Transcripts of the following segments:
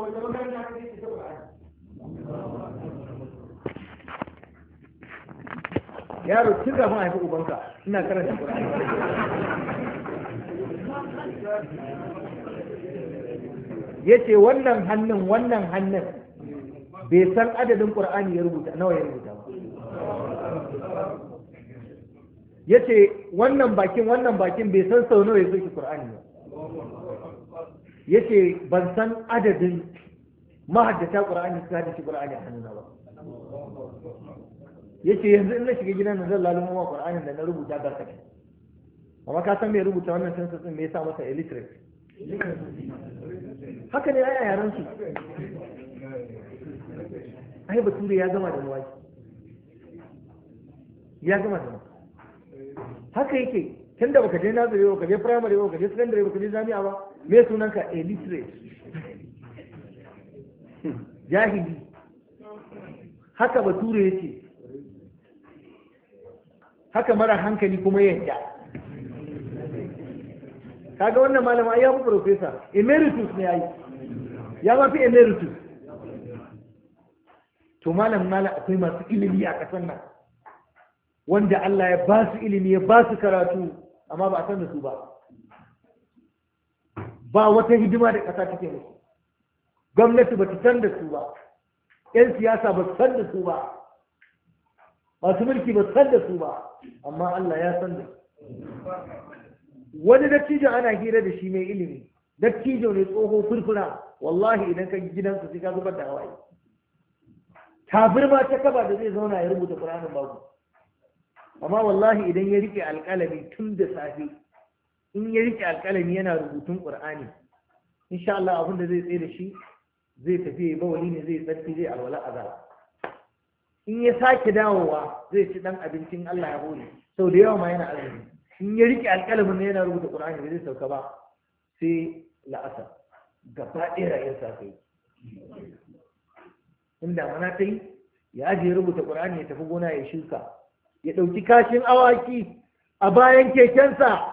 wata makaranta ka ce ta Qur'ani yaro tun kafin a haifi ubanka ina karanta Ya ce wannan hannun wannan hannun bai san adadin ƙur'ani ya rubuta nawa ya rubuta ba Ya ce wannan bakin wannan bakin bai san sau nawa ya soke ƙur'ani ba yace ban san adadin mahaddata qur'ani suka haddace qur'ani a hannuna ba yace yanzu in na shiga gidan nan zan lalumo ma qur'anin da na rubuta ga sake amma ka san me rubuta wannan census din me yasa masa illiterate haka ne ai yaran su ai bature ya gama da mawaki ya gama da haka yake tunda baka je nazari ba ka je primary ba ka je secondary ba ka je jami'a ba me sunanka illiterate jahili haka bature ya ce haka mara hankali kuma yadda kaga wannan malama ya fi profesa emeritus ne ya yi ya ba fi emeritus to malam malam akwai masu ilimi a ƙasar nan wanda Allah ya ba su ilimi ya ba su karatu amma ba a san da su ba ba wata hidima da ƙasa take musu gwamnati ba ta san da su ba yan siyasa ba san da su ba masu mulki ba san da su ba amma Allah ya san da wani dattijo ana hira da shi mai ilimi dattijo ne tsoho furfura wallahi idan ka gidansa sai ka zubar da hawaye tafir ma ta kaba da zai zauna ya rubuta qur'anin babu amma wallahi idan ya rike alƙalami tun da safe in ya rike alƙalami yana rubutun ƙur'ani insha Allah abin da zai tsere da shi zai tafi ya bawali ne zai tsarki zai alwala azar in ya sake dawowa zai ci dan abincin Allah ya hore sau da yawa ma yana azumi in ya rike alƙalamin ne yana rubuta ƙur'ani, bai zai sauka ba sai la'asar gaba ɗaya rayuwar sa kai da mana ta yi ya ajiye rubuta ƙur'ani ya tafi gona ya shuka ya ɗauki kashin awaki a bayan kekensa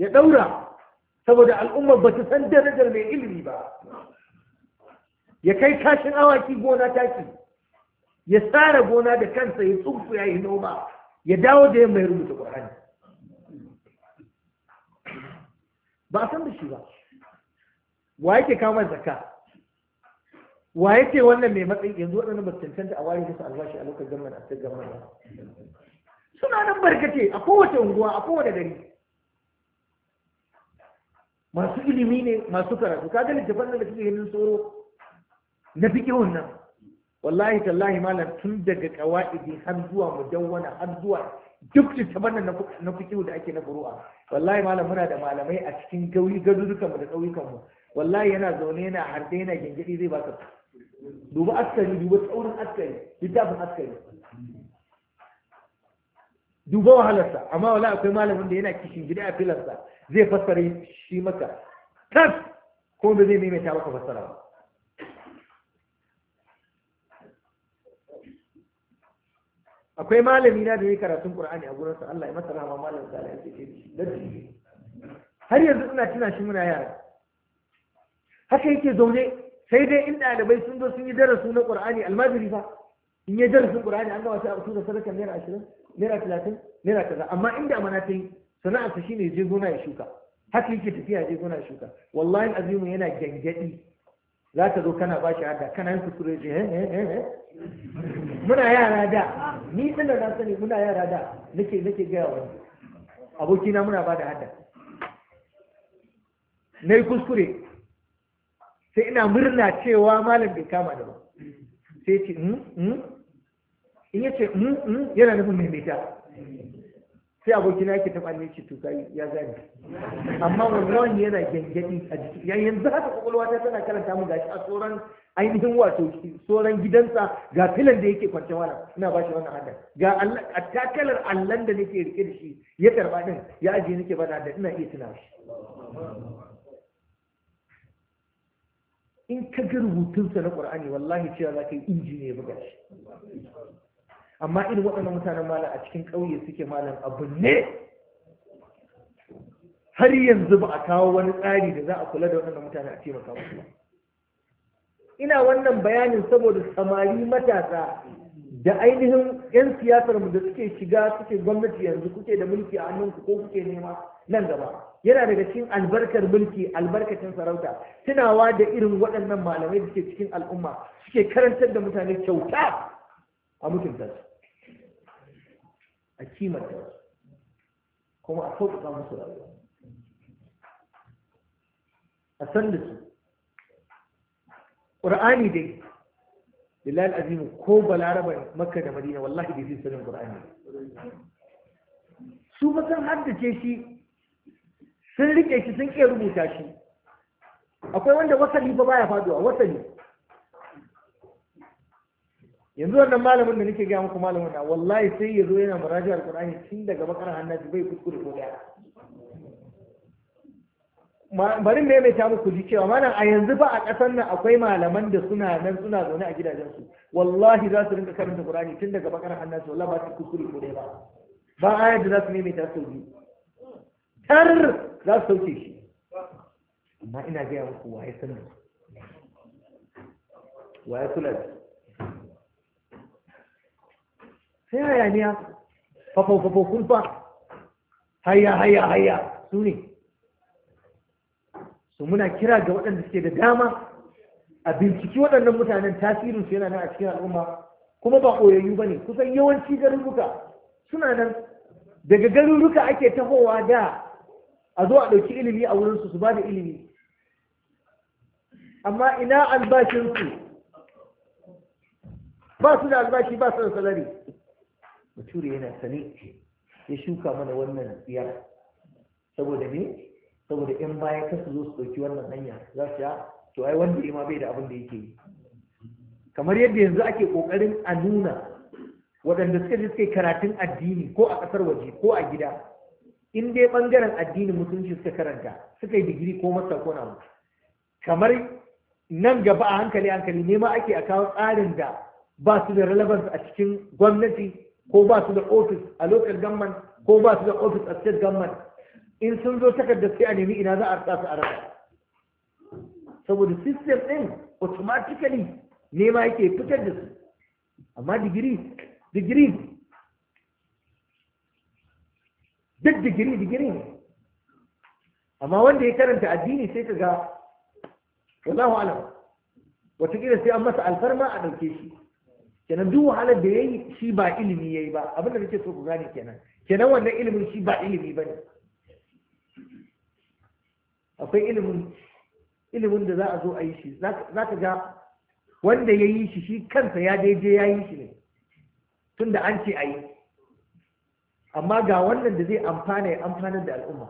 ya ɗaura saboda al'ummar ba ta san darajar mai ilimi ba ya kai kashin awaki gona taki ya tsara gona da kansa ya tsufu ya yi noma ya dawo da yamma ya rubuta ƙwarani ba a san da shi ba wa yake kama zaka wa yake wannan mai matsayi yanzu waɗannan ba su cancanta a wari musu albashi a lokacin gamar a cikin gamar suna nan barkace a kowace unguwa a kowace gari masu ilimi ne masu karatu Ka ga littafan da kake ganin tsoro na fiki nan wallahi tallahi malam tun daga kawaidi har zuwa mudawwana har zuwa duk littafan da na fiki da ake na buru'a wallahi malam muna da malamai a cikin gauyi garurukan mu da ƙauyukan mu wallahi yana zaune yana harde yana gingiri zai baka duba askari duba tsaurin askari littafin askari duba wahalarsa amma wallahi akwai malamin da yana kishin gida a filarsa zai fassara shi maka tas ko da zai ta maka fassara ba akwai malami na da yi karatun qur'ani a gurinsa Allah ya masa rahama malam salih ya ce dadi har yanzu ina tuna shi muna yara haka yake zaune sai dai in ɗalibai sun zo sun yi darasu na qur'ani almajiri fa in yi darasin qur'ani an gama sai a fito da sadakar naira ashirin naira 30 naira kaza amma inda amana ta yi sana'arsa shine je gona ya shuka haka yake tafiya je gona ya shuka wallahi azimu yana gangadi za ka zo kana bashi hada kana yin kuskure je eh, eh, eh, muna yara da ni din da sani muna yara da nake nake ga wani abokina muna bada hada nayi kuskure sai ina murna cewa malam bai kama da ba sai ce mm, mm. in yace mm, yana nufin maimaita sai abokina yake taɓa ne to tuka ya gane amma wallahi yana gyangyaɗi a jiki yanzu haka kwakwalwa ta tana karanta mu gashi a tsoron ainihin wato tsoron gidansa ga filan da yake kwance wala ina ba shi wannan hadda ga a takalar allan da nake rike da shi ya karba din ya ajiye nake bada da ina iya tuna shi in ka ga rubutunsa na qur'ani wallahi cewa ka yi injiniya buga shi amma irin waɗannan mutanen malam a cikin ƙauye suke malam abu ne har yanzu ba a kawo wani tsari da za a kula da waɗannan mutane a taimaka musu ba ina wannan bayanin saboda samari matasa da ainihin 'yan siyasar mu da suke shiga suke gwamnati yanzu kuke da mulki a hannunku ko kuke nema nan gaba yana daga cikin albarkar mulki albarkacin sarauta tunawa da irin waɗannan malamai da ke cikin al'umma suke karantar da mutane kyauta a mutunta a cimata kuma a sauƙaƙa musu rayuwa a san da su ƙura'ani dai bilal azimu ko balaraba makka da madina wallahi da fi sanin ƙur'ani su masan haddace shi sun riƙe shi sun iya rubuta shi akwai wanda wasali ba baya faduwa wasali yanzu wannan malamin da nake gaya muku malamin na wallahi sai ya zo yana muraji alqur'ani tun daga bakar hannaji bai kuskure ko daya bari me mai ta muku ji cewa malam a yanzu ba a ƙasar nan akwai malaman da suna nan suna zaune a gidajensu wallahi za su rinka karanta qur'ani tun daga bakar hannaji wallahi ba su kuskure ko daya ba ba ayar da za su maimaita ta biyu tar za su sauke shi amma ina gaya muku waye sanin waye kula da sai hayaniya fafo-fafo kulfa haya haya haya su ne su muna kira ga waɗanda suke da dama a binciki waɗannan mutanen tasirin su yana nan a cikin al'umma kuma ba koyayyu ba ne kusan yawanci garuruka suna nan daga garuruka ake tahowa da a zo a ɗauki ilimi a wurinsu su ba da ilimi amma ina albashinsu ba su da albashi ba su da salari bature yana sani ya shuka mana wannan biyar saboda ne saboda in baya ka su zo su ɗauki wannan hanya za su ya to ai wanda ya ma bai da abin da yake yi kamar yadda yanzu ake kokarin a nuna waɗanda suka je suka yi karatun addini ko a ƙasar waje ko a gida in dai ɓangaren addinin musulunci suka karanta suka yi digiri ko masa ko na kamar nan gaba a hankali hankali nema ake a kawo tsarin da ba su da relevance a cikin gwamnati ko ba su da ofis a local government ko ba su da ofis a state government in sun zo takarda sai a nemi ina za a rasa su a rasa saboda system ɗin automatically nema yake fitar da su amma digiri digiri duk digiri digiri amma wanda ya karanta addini sai ka ga wallahu alam wataƙila sai an masa alfarma a ɗauke shi kenan duk wahalar da ya yi shi ba ilimi ya yi ba abinda da nake so ku gane kenan kenan wannan ilimin shi ba ilimi ba ne? akwai ilimin ilimin da za a zo a yi shi za ka ga wanda ya yi shi shi kansa ya daidai ya yi shi ne tun da an ce a yi amma ga wannan da zai amfana ya amfanar da al'umma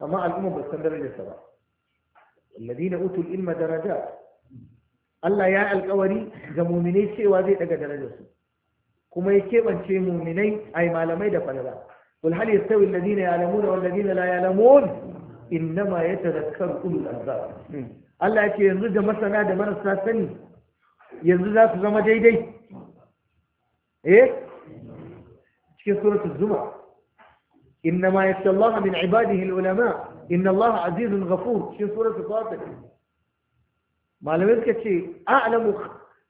amma al'umma ba su san darajarsa ba الذين utul ilma daraja Allah ya alkawari ga muminai cewa zai daga su kuma ya kebance muminai ai malamai da falala قل هل يستوي الذين يعلمون والذين لا يعلمون إنما يتذكر ulul albab Allah ya ce yanzu da masana da marasa sani yanzu za su zama daidai eh cikin suratul zuma innama yakhsha Allah min ibadihi alulama inna allaha azizun ghafur cikin suratul fatir malamai suka ce a'lamu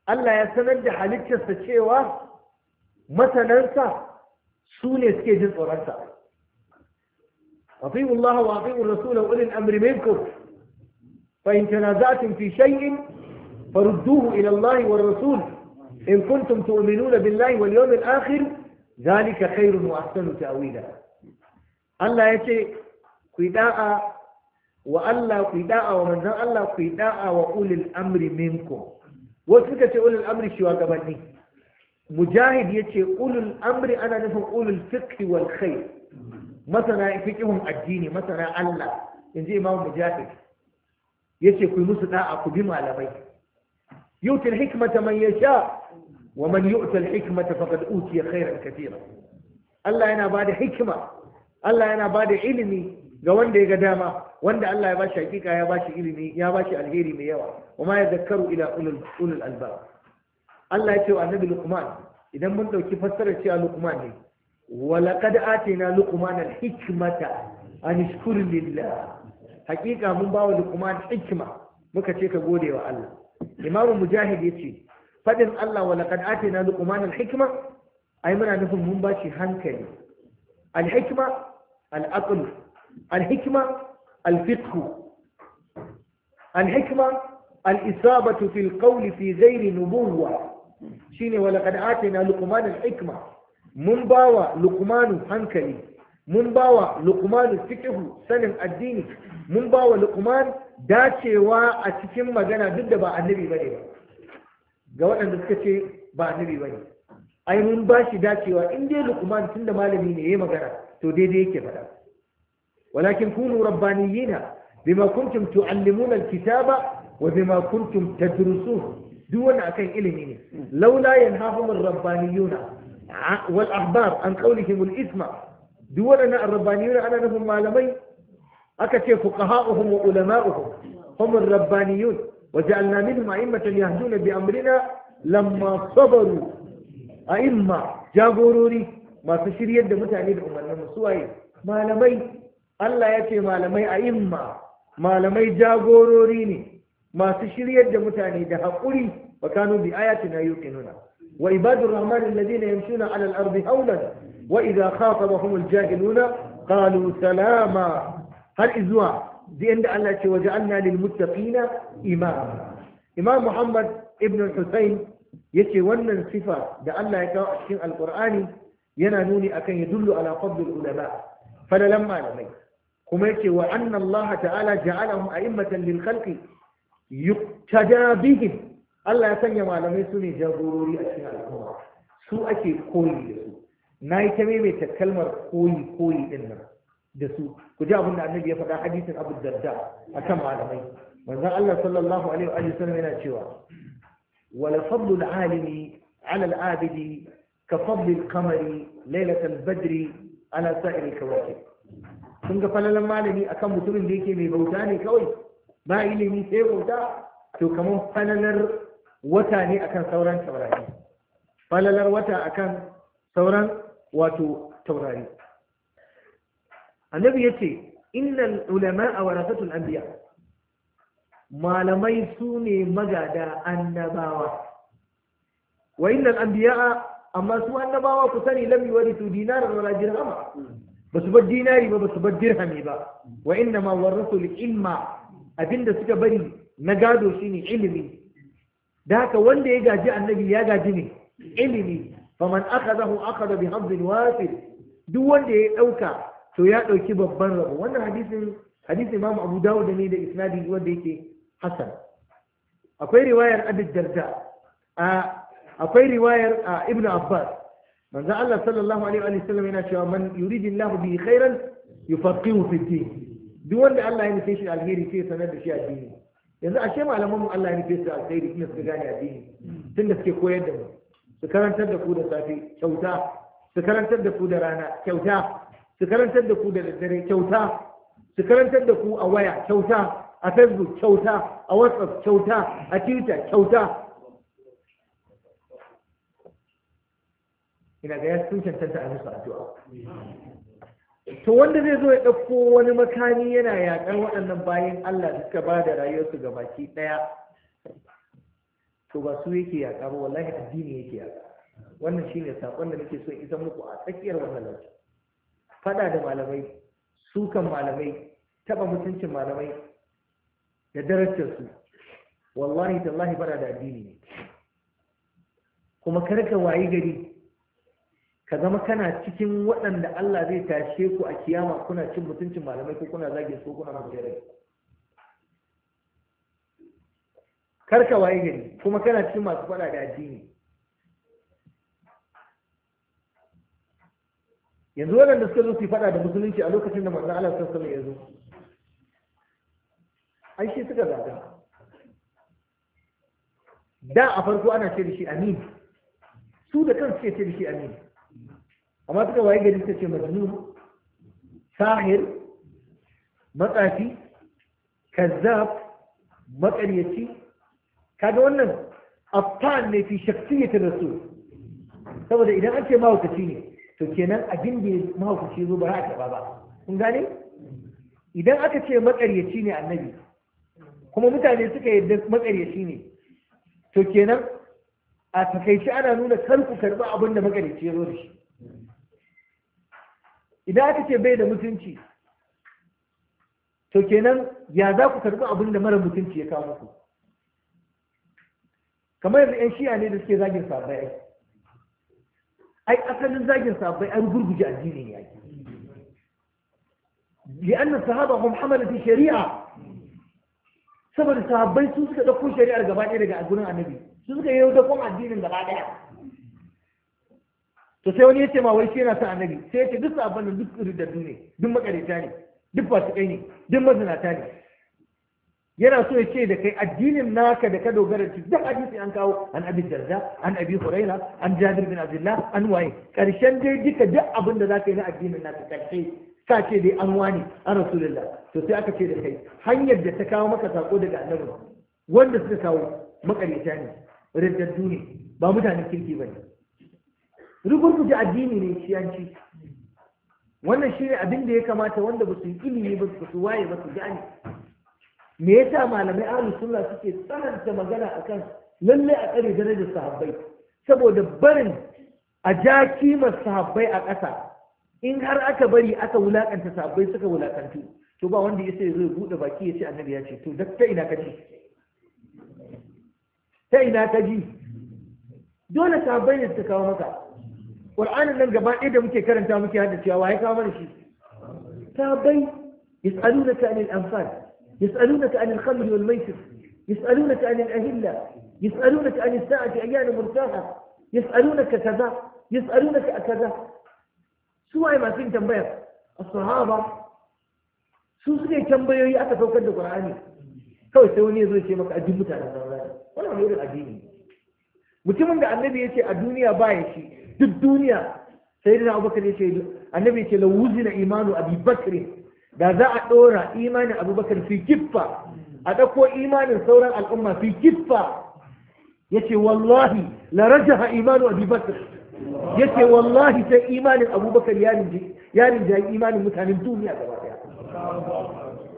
Allah ya sanar da halittarsa cewa masanansa su ne suke jin tsoronsa أطيعوا الله وأطيعوا الرسول وأولي الأمر منكم فإن تنازعتم في شيء فردوه إلى الله والرسول إن كنتم تؤمنون بالله واليوم الآخر ذلك خير وأحسن تأويلا Allah ya ce, wa Allah ku yi da'a wa manzon Allah ku yi da'a wa ulil amri minkum wasu suka ce ulil amri shugabanni mujahid ya ce ulul amri ana nufin ulul fiqhi wal khair masana fiqhun addini masana Allah In inji imam mujahid Ya ce ku musu da'a ku bi malamai yutil hikmata man yasha wa man yu'ta al hikmata faqad utiya khairan katira Allah yana bada hikima Allah yana bada ilimi ga wanda ya ga dama wanda Allah ya bashi hakika ya bashi ilimi ya bashi alheri mai yawa kuma ya zakkaru ila ulul albab Allah ya ce wa annabi Luqman idan mun dauki fassarar cewa Luqman ne wa laqad atina Luqman al-hikmata an ishkur lillah hakika mun bawa Luqman hikma muka ce ka gode wa Allah Imam Mujahid yace fadin Allah wa laqad atina Luqman al-hikma ai muna nufin mun bashi hankali al-hikma al-aql Al الفقه الحكمة الإصابة في القول في shine نبوة شيني ولقد آتنا لقمان الحكمة من باوى لقمان هنكلي من باوى لقمان الفقه سنم الديني من باوى لقمان dacewa a cikin magana duk da ba annabi ba ga waɗanda suka ce ba annabi ba ai mun bashi dacewa in dai lukman tun da malami ne ya yi magana to daidai yake faɗa ولكن كونوا ربانيين بما كنتم تعلمون الكتاب وبما كنتم تدرسون دون أكين إلمين لولا ينهاهم الربانيون والأحبار عن قولهم الإثم دون أن الربانيون أنا لهم معلمين أكتي فقهاؤهم وعلماؤهم هم الربانيون وجعلنا منهم أئمة يهدون بأمرنا لما صبروا أئمة جاغوروري ما تشريد متعني الأمر لما سوائي malamai Allah ya ce malamai a imma malamai jagorori ne masu shiryar da mutane da haƙuri wa kanu bi ayatina nuna. wa ibadur rahman na yamshuna ala al-ardi hawlan wa idha khatabahum al-jahiluna qalu salama har izuwa da inda Allah ce waje anna lil muttaqina imama imam muhammad ibn ya yace wannan sifa da Allah ya kawo a cikin alqur'ani yana nuni akan dullu ala fadl ulama fadalan malamai kuma yake wa anna Allah ta'ala ja'alahum a'immatan lil khalqi yuqtada bihim Allah ya sanya malamai su ne jagorori a cikin al'umma su ake koyi da su na yi ta maimaita kalmar koyi koyi din nan da su ku ji abin da annabi ya faɗa hadisin abu darda a kan malamai manzon Allah sallallahu alaihi wa sallam yana cewa wala fadlu alimi ala al-abidi ka fadli al-qamari laylatal badri ala sa'iri kawakib sun ga falalan malami akan mutumin da yake mai bauta ne kawai ba ilimi sai bauta to kamar falalar wata ne akan sauran taurari falalar wata akan sauran wato taurari annabi ya ce innal ulama a warasatul anbiya malamai su ne magada annabawa wa innal anbiya amma su annabawa ku sani lam yuwarisu dinaran wala dirhama ba su bar dinari ba ba su bar dirhami ba wa inna ma warasul ilma abinda suka bari na gado shine ilimi da haka wanda ya gaji annabi ya gaji ne ilimi faman akhadahu akhadha bi hadhin wafir duk wanda ya ɗauka to ya ɗauki babban rabo wannan hadisin hadisin Imam Abu da ne da isnadi wanda yake hasan akwai riwayar Abi Darda akwai riwayar Ibnu Abbas manzo Allah sallallahu alaihi wa sallam yana cewa man yuridillahu bihi khairan yufaqihu fi din duk wanda Allah ya nufe shi alheri sai sanar da shi addini yanzu ashe malaman mu Allah ya nufe su alheri kuma su gane addini tunda suke koyar da mu su karantar da ku da safe kyauta su karantar da ku da rana kyauta su karantar da ku da daddare kyauta su karantar da ku a waya kyauta a facebook kyauta a whatsapp kyauta a twitter kyauta ina ga ya sun cancanta a musu addu'a to wanda zai zo ya ɗauko wani makami yana yaƙar waɗannan bayan Allah da suka ba da rayuwarsu ga baki ɗaya to ba su yake yaƙa ba wallahi addini yake yaƙa wannan shine saƙon da nake so in isa muku a tsakiyar wannan lokaci faɗa da malamai sukan malamai taɓa mutuncin malamai da darajarsu wallahi tallahi bara da addini ne kuma karka wayi gari ka zama kana cikin waɗanda Allah zai tashe ku a kiyama kuna cin mutuncin malamai ko kuna zage su kuna masu jere karka waye gari kuma kana cikin masu faɗa da addini yanzu waɗanda suka zo su faɗa da musulunci a lokacin da manzo Allah sun sami yanzu ya zo ai shi suka zaga da a farko ana ce da shi amin su da kansu suke ce da shi amin amma suka waye gari suka ce majnun sahir matsafi kazzab makaryaci kaga wannan afan ne fi ta rasul saboda idan an ce mahaukaci ne to kenan abin da mahaukaci zo ba za a taba ba kun gane idan aka ce makaryaci ne annabi kuma mutane suka yarda makaryaci ne to kenan a takaici ana nuna kar karɓi abin da makaryaci ya zo da shi idan aka ce bai da mutunci to kenan ya za ku karɓi abin da mara mutunci ya kawo muku kamar yanzu 'yan shiya ne da suke zagin sabai ai asalin zagin sabai an gurguje addini ne yaki bi na sahaba hum hamalati shari'a saboda sahabbai su suka dauko shari'ar gaba ɗaya daga gurin annabi su suka yi dauko addinin gaba ɗaya to sai wani ya ce ma wai shi yana son annabi sai ya ce duk abin da duk riddaddu ne duk makarita ne duk kai ne duk mazinata ne yana so ya ce da kai addinin naka da ka dogara ci duk hadisi an kawo an abi darda an abi huraira an jabir bin abdullah an waye karshen dai duka duk abin da zaka yi na addinin naka karshe ka ce dai an wani an rasulullah to sai aka ce da kai hanyar da ta kawo maka sako daga annabi wanda suka kawo makarita ne riddaddu ne ba mutanen kirki bane da addini ne shiyanci wannan shi ne abin da ya kamata wanda ba su yi ilimi ba su su waye ba su gane me yasa malamai ahlus sunna suke tsananta magana akan lalle a kare darajar sahabbai saboda barin a ja kimar sahabbai a ƙasa in har aka bari aka wulakanta sahabbai suka wulakantu to ba wanda ya sai zai bude baki ya ce annabi ya ce to ta ina kaji ta ina ka dole sahabbai ne suka kawo maka qur'anin nan gaba ɗaya da muke karanta muke hada cewa wai kawo mana shi Ta bai. sabai yas'alunaka anil anfal yas'alunaka anil khamri wal maisir yas'alunaka anil ahilla yas'alunaka anil sa'ati ayyana mursaha yas'alunaka kaza yas'alunaka kaza su waye masu yin tambaya as-sahaba su suke tambayoyi aka saukar da ƙur'ani. kawai sai wani ya zo ce maka ajin mutanen zamani wannan wani irin addini mutumin da annabi ya ce a duniya ba ya shi الدنيا سيدنا أبو بكر يشهد النبي يشهد لو وزن إيمان أبي بكر ذا ذا أدورا إيمان أبو بكر في جفة أدقوا إيمان ثورة الأمة في جفة يشهد والله لرجح إيمان أبي بكر يشهد والله في إيمان أبو بكر يعني يعني جاي إيمان متعن الدنيا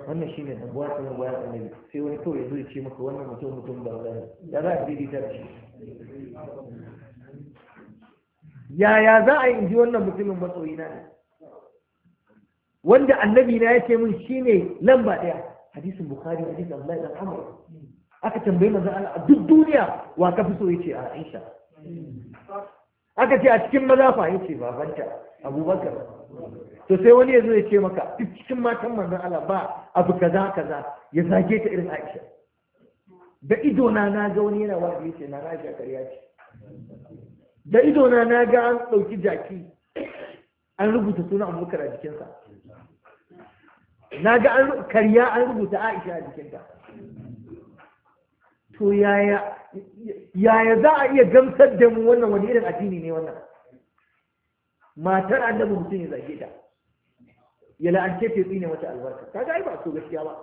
wannan shine ne abuwa sun abuwa sun ne sai wani kawai zai ce maka wannan mutum mutum ba wani ya za a bi ta ce yaya za a yi in ji wannan mutumin na ne wanda annabi na ya ce min shine lamba ɗaya hadisin bukhari hadisin abdullahi dan amr aka tambayi manzo Allah a duk duniya wa ka fi so yace a Aisha aka ce a cikin maza fa yace babanta Abubakar to sai wani ya zo ya ce maka duk cikin matan manzo Allah ba abu kaza kaza ya zage ta irin Aisha da ido na na ga wani yana wa'azi yace na raja kariya ce da idona na na ga an ɗauki jaki an rubuta suna abubakar a jikinsa na ga karya an rubuta aisha a jikinta to yaya za a iya gamsar da mu wannan wani irin addini ne wannan matar annabi mutum ya zage ta ya la'ance ta tsine mata albarka kaga ga ba so gaskiya ba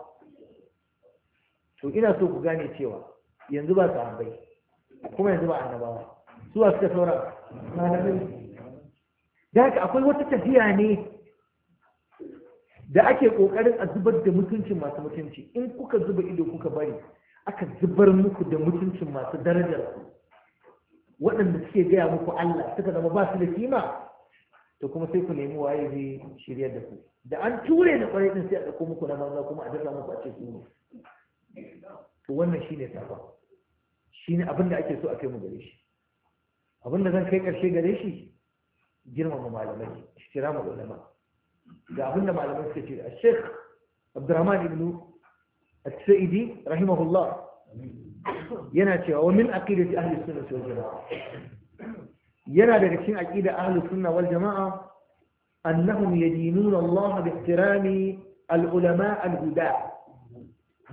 to ina so ku gane cewa yanzu ba sahabbai kuma yanzu ba annabawa suwa suka saura malamai da haka akwai wata tafiya ne da ake kokarin a zubar da mutuncin masu mutunci in kuka zuba ido kuka bari aka zubar muku da mutuncin masu darajar waɗanda suke gaya muku Allah suka zama ba su da kima to kuma sai ku nemi waye zai shirya da ku da an ture da kwarai din sai a ɗauko muku na banza kuma a dasa muku a ce su to wannan shine safa shine abin da ake so a kai mu gare shi abinda zan kai ƙarshe gare shi girmama malamai istirama ulama ga abinda malamai suka ce a sheikh abdurrahman ibn al-sa'idi rahimahullah yana cewa wa min aqidati ahli sunnah wal jamaa yana daga cikin aqida ahli sunnah wal jamaa annahum yadinuna Allah bi ihtirami al-ulama al-hudaa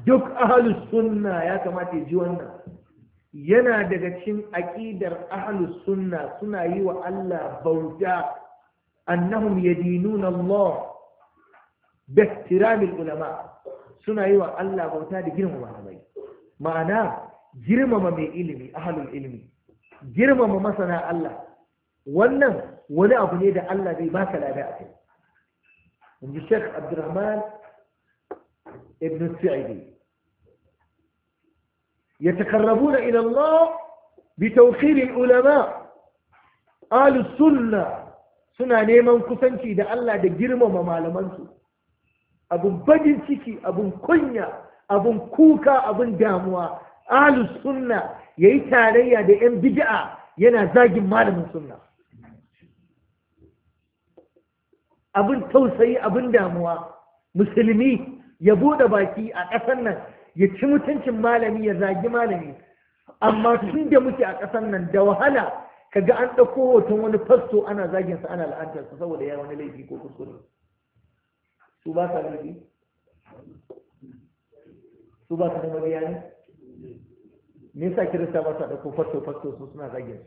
duk ahli sunnah ya kamata ya ji wannan yana daga cikin aƙidar ahlus sunna suna yi wa Allah bauta annahum yadinuna Allah bi ihtiramil ulama suna yi wa Allah bauta da girmama malamai ma'ana girmama mai ilimi ahlul ilmi girmama masana Allah wannan wani abu ne da Allah zai baka lada a kai inji Sheikh Abdulrahman ibn Sa'idi Ya يتقربون إلى الله بتوخير العلماء آل السنة suna neman kusanci da Allah da girmama malamansu abun bajin ciki abin kunya abin kuka abin damuwa ahlus sunna yayi tarayya da yan bid'a yana zagin malamin sunna abun tausayi abin damuwa musulmi ya buɗe baki a ƙasar nan ya ci mutuncin malami ya zagi malami amma tun da muke a ƙasar nan da wahala kaga an ɗauko hoton wani fasto ana zagin sa ana la'antar sa saboda ya wani laifi ko kuskure su ba sa laifi su ba sa nuna ne me yasa kirista ba sa ɗauko fasto fasto su suna zagin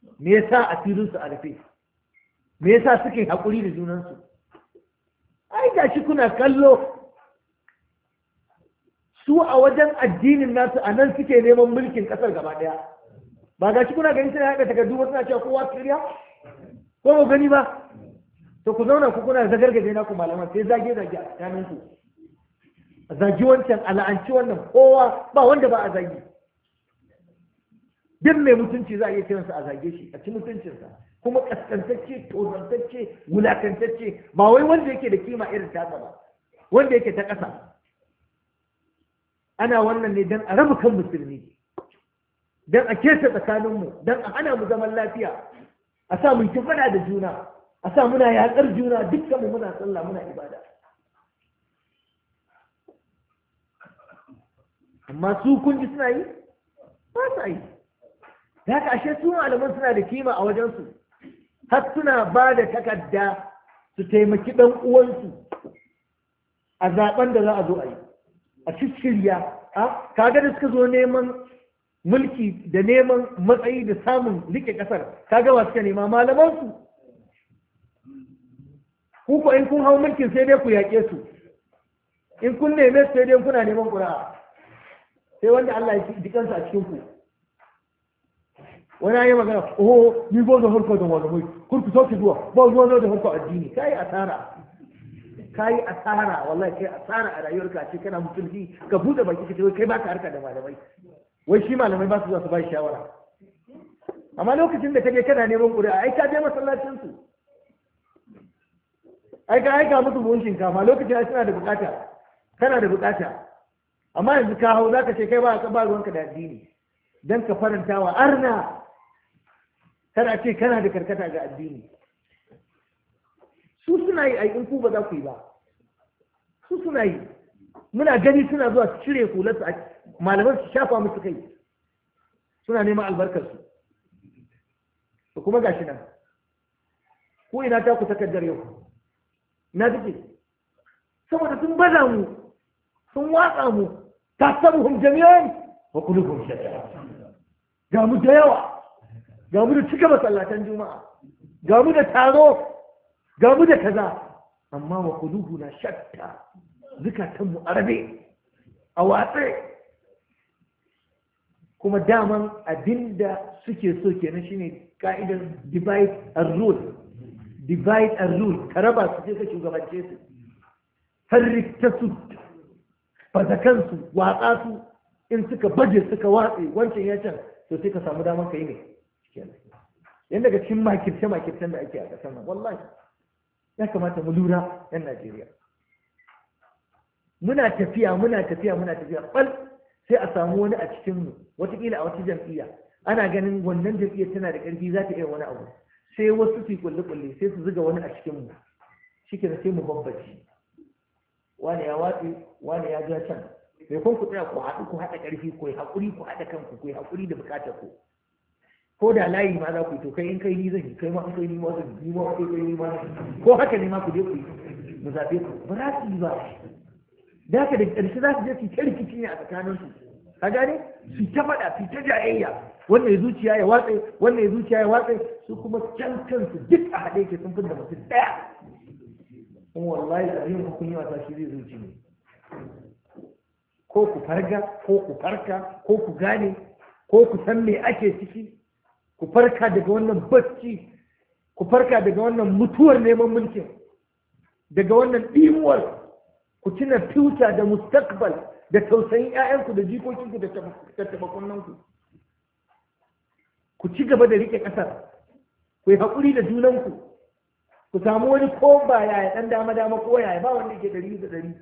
su me yasa asirin su a rufe me yasa suke haƙuri da junansu ai gashi kuna kallo su a wajen addinin nasu a nan suke neman mulkin kasar gaba daya ba ga shi kuna gani suna haɗa takardu wasu na cewa kowa kiriya ko mu gani ba to ku zauna ku kuna gaje na ku malaman sai zage zage a nan ku zage wancan ala'anci wannan kowa ba wanda ba a zage. duk mai mutunci za a iya kiransa a zage shi a ci mutuncinsa kuma kaskantacce tozantacce wulakantacce ba wai wanda yake da kima irin tasa ba wanda yake ta ƙasa ana wannan ne don a raba kan musulmi don a kesa tsakaninmu don a hana mu zaman lafiya a sa mu ki fada da juna a sa muna yaƙar juna dukkan mu muna sallah muna ibada amma su kun ji suna yi ba su yi da haka ashe su malaman suna da kima a wajensu har suna ba da takarda su taimaki ɗan uwansu a zaben da za a zo a yi a a kaga da suka zo neman mulki da neman matsayi da samun rike kasar kaga ba suka nema malaman su ku ko in kun hau mulkin sai dai ku yaƙe su in kun neme sai dai kuna neman ƙura'a sai wanda Allah ya ji kansa a cikin ku wani ayi magana oh ni ba da harka da malamai kun ku sauke zuwa ba zuwa da harka addini kai asara ka yi asara wallahi kai asara a rayuwarka ce kana mutunci ka buɗe baki ka ce kai ba ka harka da malamai wai shi malamai ba su zuwa su ba shawara amma lokacin da kake kana neman ƙuri'a ai ka je masallacin su ai ka aika musu buhun shinkafa lokacin ai suna da bukata kana da bukata amma yanzu ka hau zaka ce kai ba ka ba ruwanka da addini dan ka faranta wa arna kana ce kana da karkata ga addini su suna yi aikin ku ba za ku yi ba su suna yi muna gani suna zuwa su cire hularsu a malaman su shafa musu kai suna neman albarkarsu su kuma gashi nan ko ina ta ku takardar yau na duke saboda sun baza mu sun watsa mu ta samuhum jami'an wa kudu shatta ga mu da yawa ga mu da cika masallatan juma'a ga mu da taro Gamu da kaza amma wa kuluhu na shatta ta mu arabe a watse kuma daman abinda suke so kenan shine ka'idar divide and rule divide and rule ka raba su je ka shugabance su harrikta su baza kansu watsa su in suka baje suka watse wancan ya can to sai ka samu damar ka yi ne yanda daga cikin makirce makircen da ake a ƙasar nan wallahi ya kamata mu lura yan Najeriya muna tafiya muna tafiya muna tafiya bal sai a samu wani a cikinmu watakila a wata jam'iyya ana ganin wannan jam'iyyar tana da ƙarfi za ta iya wani abu sai wasu su yi kulle kulle sai su zuga wani a cikin mu sai mu babbaci wani ya watsi wani ya ja can bai kun ku tsaya ku haɗu ku haɗa ƙarfi ku yi haƙuri ku haɗa kanku ku yi haƙuri da buƙatar ku ko da layi ma za ku yi to kai in kai ni zan yi kai ma in kai ni ma zan yi ma kai kai ni ma ko haka ne ma ku je ku yi mu zabe ku ba za su yi ba da haka da ƙarshe za su je su ta rikici ne a tsakanin su ka gane su ta faɗa su ta jayayya wannan ya zuciya ya watsa wannan ya zuciya ya watsa su kuma can kansu duk a haɗe ke sun da mutum ɗaya kuma wallahi da yin hukun wasa shi zai zuci ne ko ku farga ko ku farka ko ku gane ko ku san me ake ciki ku farka daga wannan bacci ku farka daga wannan mutuwar neman mulki daga wannan ɗimuwar ku tuna future da mustaqbal da tausayin 'ya'yanku da jikokinku da tattabakunanku ku ci gaba da rike ƙasar ku yi haƙuri da junanku ku samu wani ko ba yaya ɗan dama dama ko yaya ba wanda ke ɗari da ɗari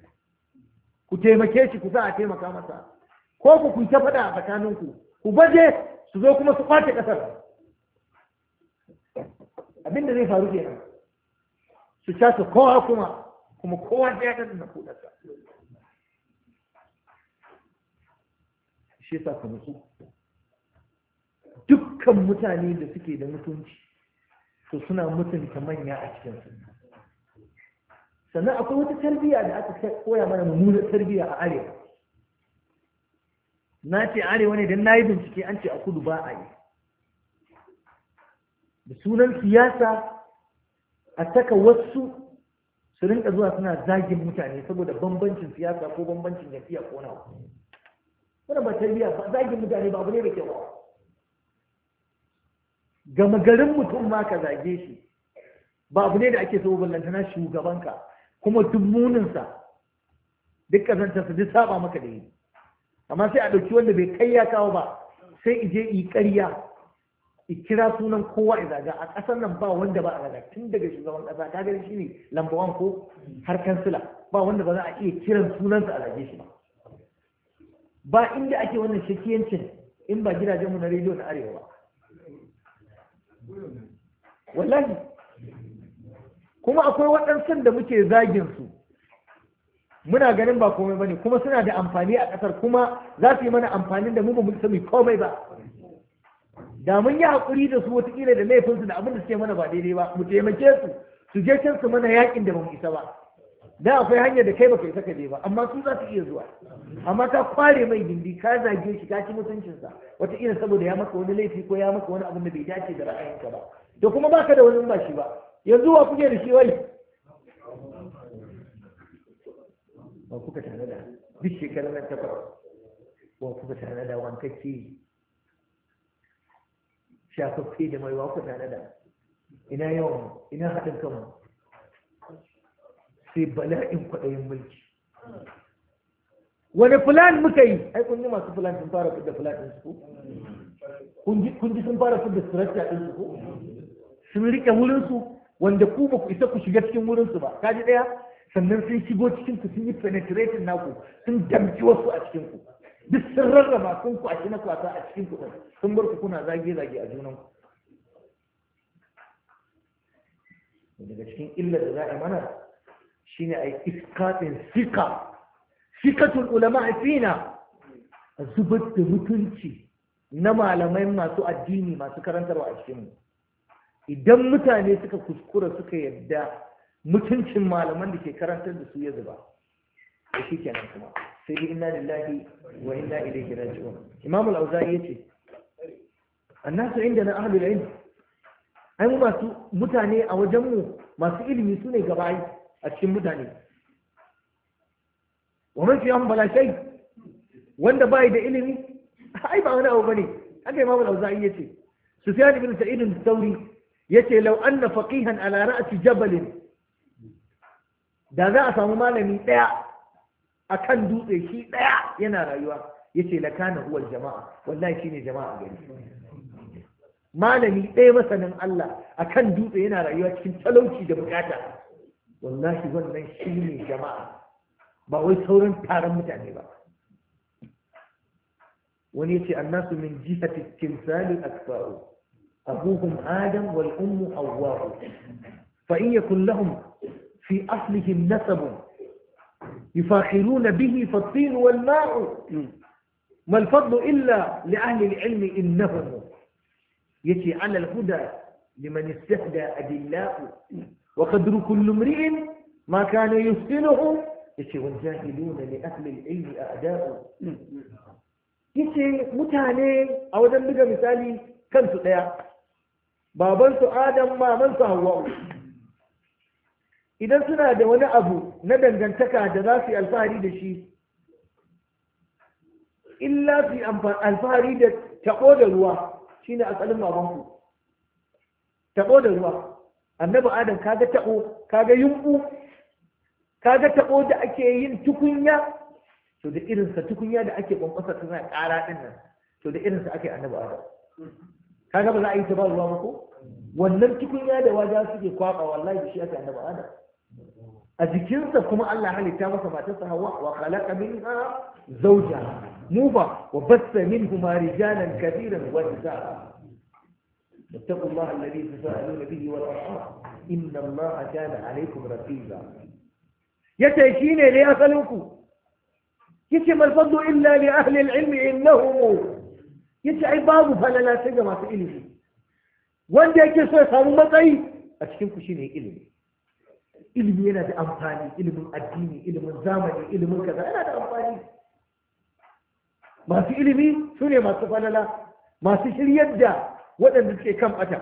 ku taimake shi ku sa a taimaka masa ko ku kun faɗa a tsakaninku ku baje su zo kuma su kwace ƙasar abinda zai faru nan, su cace kowa kuma kuma kowa da ya na kudarsa shi sa ka dukkan mutane da suke da mutunci to suna mutunta manya a cikin su sannan akwai wata tarbiyya da aka koya mana mummunar tarbiyya a arewa na ce arewa ne don na yi bincike an ce a kudu ba a yi da sunan siyasa a taka wasu su rinka zuwa suna zagin mutane saboda bambancin siyasa ko bambancin jam'iyya ko nawa wannan ba tarbiyya ba zagin mutane ba abu ne da kyau ba gama garin mutum ma ka zage shi ba abu ne da ake so ba shugaban shugabanka kuma duk muninsa duk kazantarsa duk saba maka da yi amma sai a ɗauki wanda bai kai ya kawo ba sai ije yi ƙarya kira sunan kowa idan ga a ƙasar nan ba wanda ba a zaga tun daga shugaban ƙasa ta gani shine lamba wan ko har kansila ba wanda ba za a iya kiran sunansa a rage shi ba ba inda ake wannan shakiyancin in ba mu na rediyo na arewa ba wallahi kuma akwai waɗansu da muke zagin su muna ganin ba komai bane kuma suna da amfani a ƙasar kuma za su yi mana amfanin da mu ba mu sami komai ba da mun yi haƙuri da su wataƙila da laifinsu da abin da suke mana ba daidai ba mu taimake su su je can su mana yaƙin da ba mu isa ba da akwai hanyar da kai baka isa ka je ba amma su za su iya zuwa amma ka kware mai gindi ka zage shi ka ci mutuncinsa wataƙila saboda ya maka wani laifi ko ya maka wani abin da bai dace da ra'ayinka ba da kuma baka da wani ba shi ba yanzu wa kuke da shi wai wa kuka tare da duk shekarar nan takwas wa kuka tare da wankacce shafaffe da mai waku tare da ina yawan ina haɗin kanmu sai bala'in kwaɗayin mulki wani fulan muka yi ai kun ji masu fulan sun fara fidda fulan ɗin su kun ji sun fara fidda surata ɗin su ko sun riƙe wurinsu wanda ku ba ku isa ku shiga cikin wurinsu ba kaji ɗaya sannan sun shigo cikin ku sun yi penetrating naku sun damki wasu a cikin ku duk sun rarraba sun kwashi na kwata a cikin kuɗin sun bar ku kuna zage-zage a junanku daga cikin illar da za a mana shine a yi iskatin sika sikatul ulama fina a zubar da mutunci na malamai masu addini masu karantarwa a cikin idan mutane suka kuskura suka yadda mutuncin malaman da ke karantar da su ya zuba da shi kenan kuma sai inna lillahi wa inna ilaihi raji'un imam al-auza'i yace annasu indana ahlul ilm ai mu masu mutane a wajen mu masu ilimi sune gabayi a cikin mutane wa man fi yahum bala shay wanda bai da ilimi ai ba wani abu bane haka imam al-auza'i yace sufyan ibn sa'id al-thawri yace law anna faqihan ala ra'si jabal da za a samu malami daya akan dutse shi ɗaya yana rayuwa yace ce lakana huwa jama'a wallahi shine jama'a gari malami ɗaya masanin Allah akan dutse yana rayuwa cikin talauci da bukata wallahi wannan shine jama'a ba wai sauran taron mutane ba wani yace annasu min jihati timsali akfaru abuhum adam wal ummu hawwa fa in yakun lahum fi aslihim nasabun يفاخرون به فالطين والماء ما الفضل إلا لأهل العلم إنهم يتي على الهدى لمن استهدى أدلاء وقدر كل امرئ ما كان يفتنه يتي والجاهلون لأهل العلم أعداء يتي mutane أو wajen مثالي كم سؤال بابنت آدم ما من hawa'u idan suna da wani abu na dangantaka da za su yi alfahari da shi illa su yi alfahari da taɓo da ruwa shi ne asalin babanku taɓo da ruwa annabi adam kaga taɓo kaga yumɓu kaga taɓo da ake yin tukunya to da irinsa tukunya da ake ƙwanƙwasa suna ƙara ɗin nan to da irinsa ake annabi adam kaga ba za a yi ta ba ruwa ba ko wannan tukunya da wajen suke kwaɓa wallahi da shi ake annabi adam a jikinsa kuma Allah halitta masa matarsa Hawwa wa khalaqa minha zawjaha mu fa wa batta minhuma rijalan katiran wa nisaa واتقوا الله الذي تساءلون به والارحام ان الله كان عليكم رقيبا yace shi ne ne ku. yace mal fadlu illa li ahli al ilm innahum yace ai babu falala sai ga masu ilimi wanda yake so ya samu matsayi a cikin ku shine ilimi ilimi yana da amfani ilimin addini ilimin zamani ilimin kaza yana da amfani masu ilimi su ne masu falala masu shiryar da waɗanda suke kan ɓata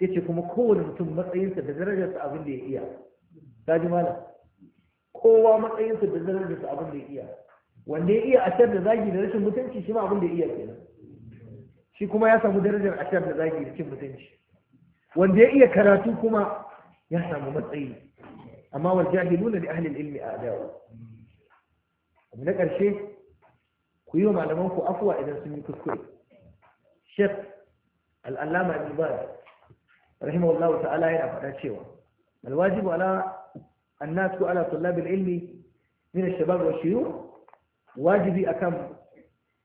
ya ce kuma kowane mutum matsayinsa da darajarsa abin da ya iya ta ji kowa matsayinsa da darajarsa abin da ya iya wanda ya iya ashar da zagi da rashin mutunci shi ma abin da ya iya kenan shi kuma ya samu darajar ashar da zagi da cin mutunci wanda ya iya karatu kuma ya samu matsayi amma wal jahiluna li ahli al-ilmi a'da'u abu na karshe ku yi wa malaman ku afwa idan sun yi kuskure shek al-allama ibn baz ta'ala yana faɗa cewa al-wajibu ala الناس على طلاب العلم من الشباب والشيوخ akan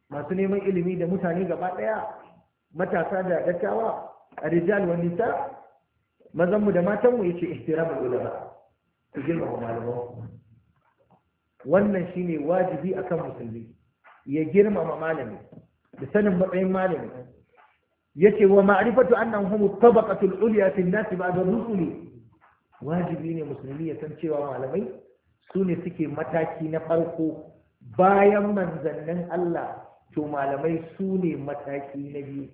masu neman ilimi da mutane gaba daya matasa da dattawa a rijal wa nisa mazan mu da matan mu yace ihtiramul ulama ku girmama malaman wannan shine wajibi akan musulmi ya girmama malami da sanin matsayin malami yace wa ma'rifatu annahum hum tabaqatu al-ulya fi an-nas ba'da rusuli wajibi ne musulmi ya san cewa malamai su ne suke mataki na farko bayan manzannin Allah to malamai su ne mataki na biyu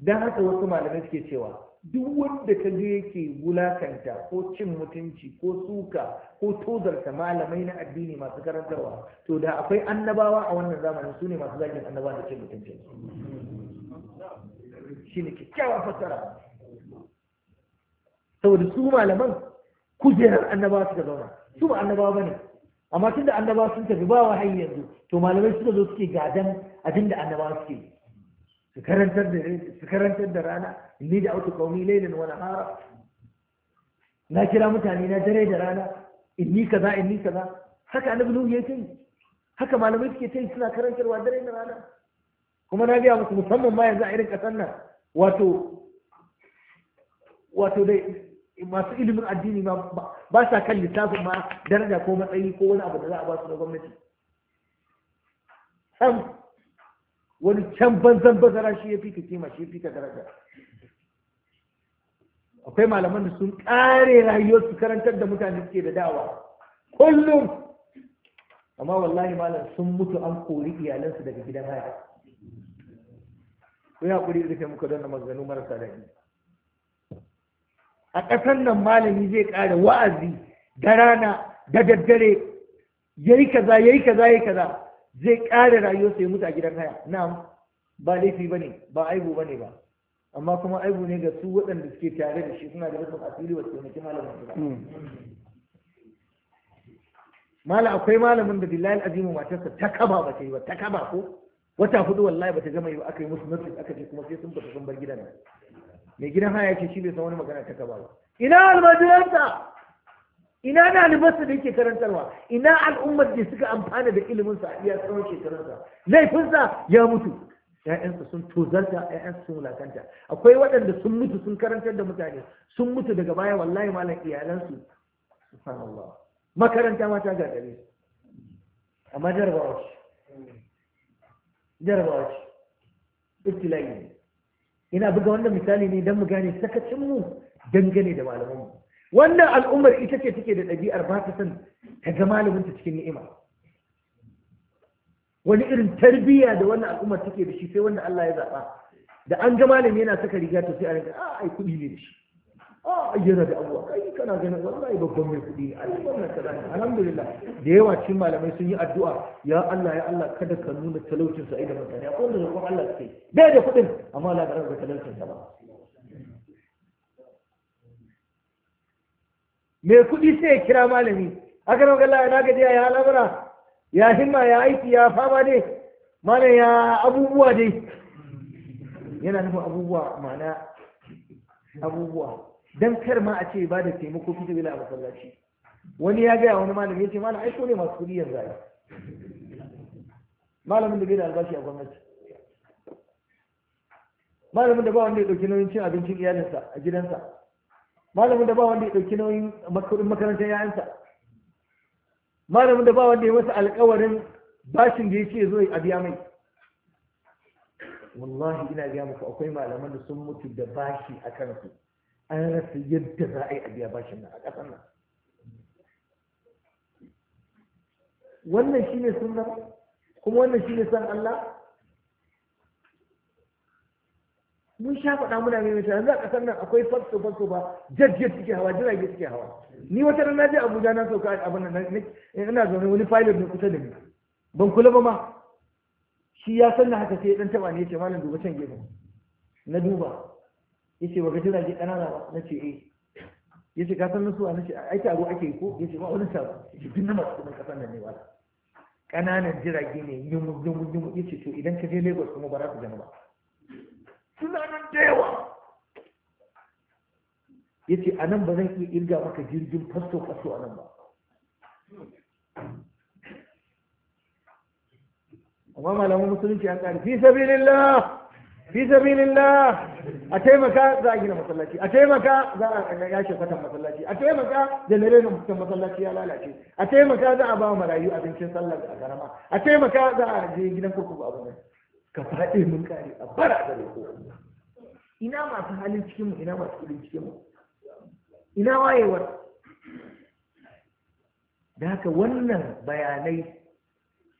don haka wasu malamai suke cewa duk wanda ka je yake wulakanta ko cin mutunci ko suka ko tozarta malamai na addini masu karantarwa to da akwai annabawa a wannan zamanin su ne masu zagin annaba da cin mutunci shi ne kyakkyawa fassara saboda su malaman kujerar annabawa suka zauna su ba annabawa ba ne amma tun da annabawa sun tafi ba hanyar yanzu to malamai suka zo suke gadan abin da annabawa suke yi su karantar da da rana inni da autu qaumi lailin wani hara na kira mutane na dare da rana inni kaza inni kaza haka annabi nuhu yake yi haka malamai suke ta suna karantarwa dare da rana kuma na biya musu musamman ma yanzu a irin kasar nan wato wato dai masu ilimin addini ma ba sa kan littafin ma daraja ko matsayi ko wani abu da za a ba su na gwamnati wani can banzan bazara shi ya fi ka kima shi ya fi ka daraja akwai malaman da sun kare rayuwar su karantar da mutane suke da dawa kullum amma wallahi malam sun mutu an kori iyalansu daga gidan haya ko ya kuri da muka danna maganganu marasa daɗi a ƙasar nan malami zai ƙara wa'azi da rana da daddare yayi kaza yayi kaza yayi kaza zai ƙara rayuwar sai mutu a gidan haya na ba laifi ba ne ba aibu ba ne ba amma kuma aibu ne ga su waɗanda suke tare da shi suna da rufin asiri wasu taimaki malamin su ba hmm. akwai malamin da billahi azimu matarsa ta kaba ba ta yi ba ta kaba ko wata hudu wallahi ba ta gama yi ba aka yi musu notice aka ce kuma sai sun su sun bar gidan mai gidan haya ce shi bai san wani magana ta kaba ba ina almajiranta ina ɗalibarsa da yake karantarwa ina al'ummar da suka amfana da iliminsa a iya tsawon shekarunsa laifinsa ya mutu ‘ya'yansa sun tozarta ‘ya'yansa sun wulakanta akwai waɗanda sun mutu sun karantar da mutane sun mutu daga baya wallahi malam iyalansu subhanallah makaranta ma ta gagare amma jarabawa ina buga wannan misali ne don mu gane sakacinmu dangane da malamanmu wannan al'ummar ita ce take da ɗabi'ar ba ta san ta ga malaminta cikin ni'ima wani irin tarbiyya da wannan al'ummar take da shi sai wanda Allah ya zaɓa da an ga malami yana saka riga to sai a rinka a ah, ai kuɗi ne da shi a ah, yana da abuwa kai kana ganin wallahi babban mai kuɗi ai wannan kaza alhamdulillah da yawa cikin malamai sun yi addu'a ya Allah ya Allah kada ka nuna talaucin sa idan mutane akwai wanda roƙon Allah sai dai da kuɗin amma Allah ga talaucin sa ba mai kuɗi sai ya kira malami haka nan kallon na gaji ya lamura ya himma ya aiki ya fama dai mana ya abubuwa dai yana nufin abubuwa ma'ana abubuwa don kar ma a ce ba da taimako fi bila a masallaci wani ya gaya wani malami ya ce malam aiko ne masu kuɗi yanzu ai malamin da bai da albashi a gwamnati malamin da ba wanda ya ɗauki nauyin cin abincin iyalinsa a gidansa malamin da ba wanda ya ɗauki nauyin kudin makarantar yayansa malamin da ba wanda ya masa alkawarin bashin da ya ce zo a biya mai wallahi ina biya muku akwai malaman da sun mutu da bashi a kansu an rasa yadda za a yi a biya bashin nan a ƙasar nan wannan shine sunna kuma wannan shine san Allah mun sha faɗa muna mai mai yanzu a ƙasar nan akwai fasto fasto ba jajjiya suke hawa jirage suke hawa ni wata rana je abuja na sauka a abin nan ina zaune wani pilot ne kusa da ni ban kula ba ma shi ya san haka sai dan taba ne ya ce malam duba can gefe na duba yace baka jirage ƙanana ba na ce eh yace ka san su na ce ai taro ake ko yace ba wani taro yace duk na masu kuma ƙasar nan ne wala ƙananan jirage ne yumu yumu yumu yace to idan ka je Lagos kuma ba za ku gani ba tunanin da yawa ya ce a nan ba zan iya irga maka jirgin fasto kaso a nan ba amma malamin musulunci an ƙari fi sabilillah fi sabilillah a taimaka za a gina masallaci a taimaka za a yashe fatan masallaci a taimaka da larenin mutum masallaci ya lalace a taimaka za a ba marayu abincin sallar a garama a taimaka za a je gidan kurkuku abu ne. ka faɗi mun kare a bara da roƙo ina masu halin cikinmu ina masu halin cikinmu ina wayewar da haka wannan bayanai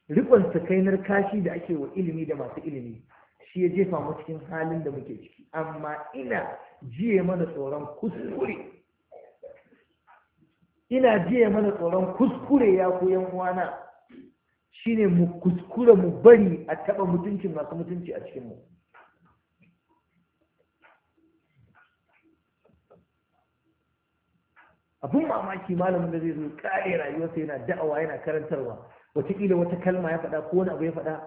rikon sakainar kashi da ake wa ilimi da masu ilimi shi ya jefa mu cikin halin da muke ciki amma ina jiye mana tsoron kuskure ina jiye mana tsoron kuskure ya ku yan uwana shine mu kuskura mu bari a taɓa mutuncin masu mutunci a cikinmu abin mamaki malamin da zai zo kare rayuwarsa yana da'awa yana karantarwa wataƙila wata kalma ya faɗa ko wani abu ya faɗa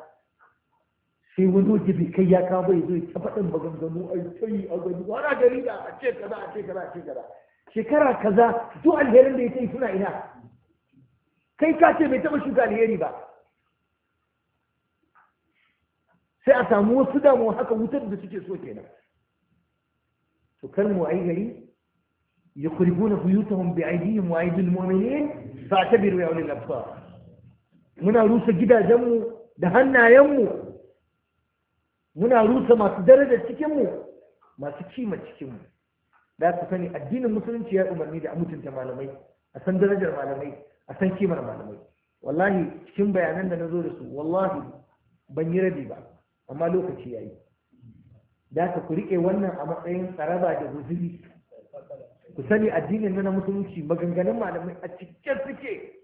sai wani waje bai kai ya kawo bai zo ta faɗin maganganu a tayi a gani wani gari da a ce kaza a ce kaza a ce kaza shekara kaza duk alherin da ya kai suna ina kai ka ce bai taɓa shuka alheri ba sai a samu wasu damuwa haka wutar da suke so kenan to kar mu ai gari يخربون wa بأيديهم mu'minin fa tabiru ya ulil الأبصار muna rusa gidajenmu da hannayenmu muna rusa masu darajar cikinmu masu kima cikinmu da su sani addinin musulunci ya umarni da a mutunta malamai a san darajar malamai a san kimar malamai wallahi cikin bayanan da na zo da su wallahi ban yi rabi ba amma lokaci yayi da ka ku rike wannan a matsayin tsaraba da guzuri ku sani addinin na musulunci maganganun malamai a cikin suke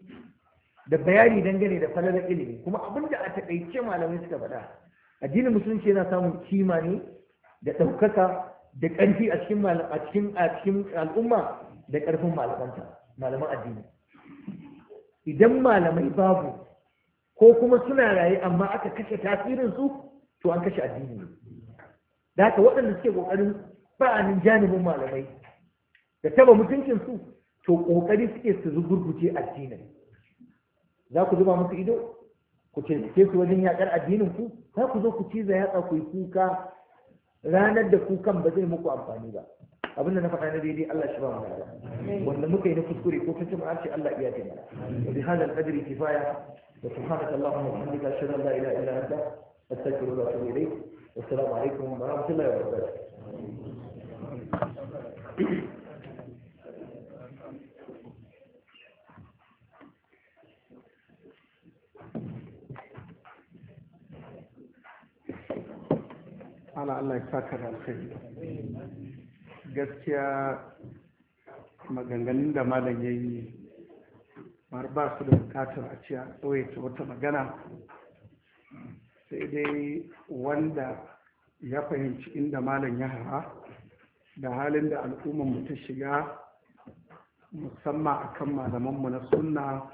da bayani dangane da falalar ilimi kuma abin da a taƙaice malamai suka faɗa addinin musulunci yana samun kima ne da ɗaukaka da ƙarfi a cikin a cikin al'umma da ƙarfin malamanta malaman addini idan malamai babu ko kuma suna raye amma aka kashe tasirin su to an kashe addini ne da haka waɗanda suke ƙoƙarin ba'anin janibin malamai da taba su, to ƙoƙari suke su zugurguce addinin za ku zuba musu ido ku ce su wajen yaƙar addinin ku za ku zo ku ciza yatsa ku yi kuka ranar da kukan ba zai muku amfani ba abin da na faɗa na daidai Allah shi ba mu yarda wanda muka yi na kuskure ko kace mu Allah iya taimaka wa bi hadal qadri kifaya wa subhanaka allahumma wa bihamdika ashhadu an la ilaha illa anta أستغفر الله وأتوب إليه والسلام عليكم ورحمة الله وبركاته ana Allah ya saka da alkhairi gaskiya maganganun da malam ya yi ba su da bukatar a ce a tsawaita wata magana sai dai wanda ya fahimci inda malam ya hara da halin da al'ummar ta shiga musamman a kan malamanmu na sunna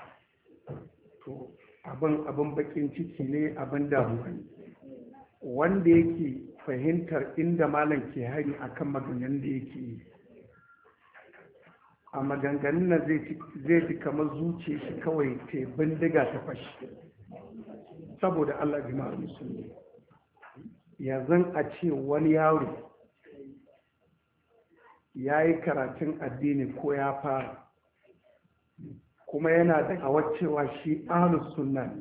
to abin abin bakin ciki ne abin damuwa wanda yake fahimtar inda malam ke hari kan maganin da yake yi a maganganun na zai fi kamar zuce shi kawai te bindiga ta fashe. saboda Allah ma'a musulmi yanzu a ce wani yaro ya yi karatun addini ko ya fara kuma yana da cewa shi ahlus sunna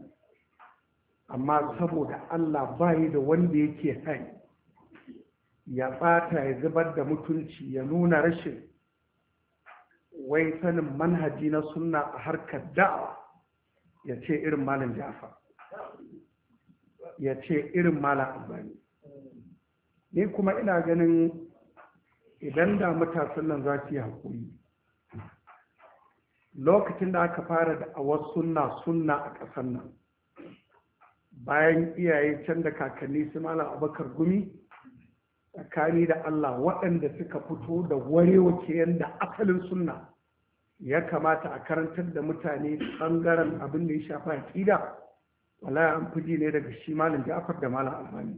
amma saboda Allah bayi da wanda yake hai ya bata ya zubar da mutunci ya nuna rashin wai sanin manhaji na sunna a harkar da'awa ya ce irin malam jafa ya ce irin malam amfani ni kuma ina ganin idan da matasan nan za su yi haƙuri lokacin da aka fara da awar sunna sunna a ƙasar nan bayan iyaye can da kakanni su malam abakar gumi tsakani da allah waɗanda suka fito da wake yadda asalin sunna ya kamata a karantar da mutane ɓangaren abin da ya shafa ƙida wallahi an ji ne daga shi malam jafar da malam albani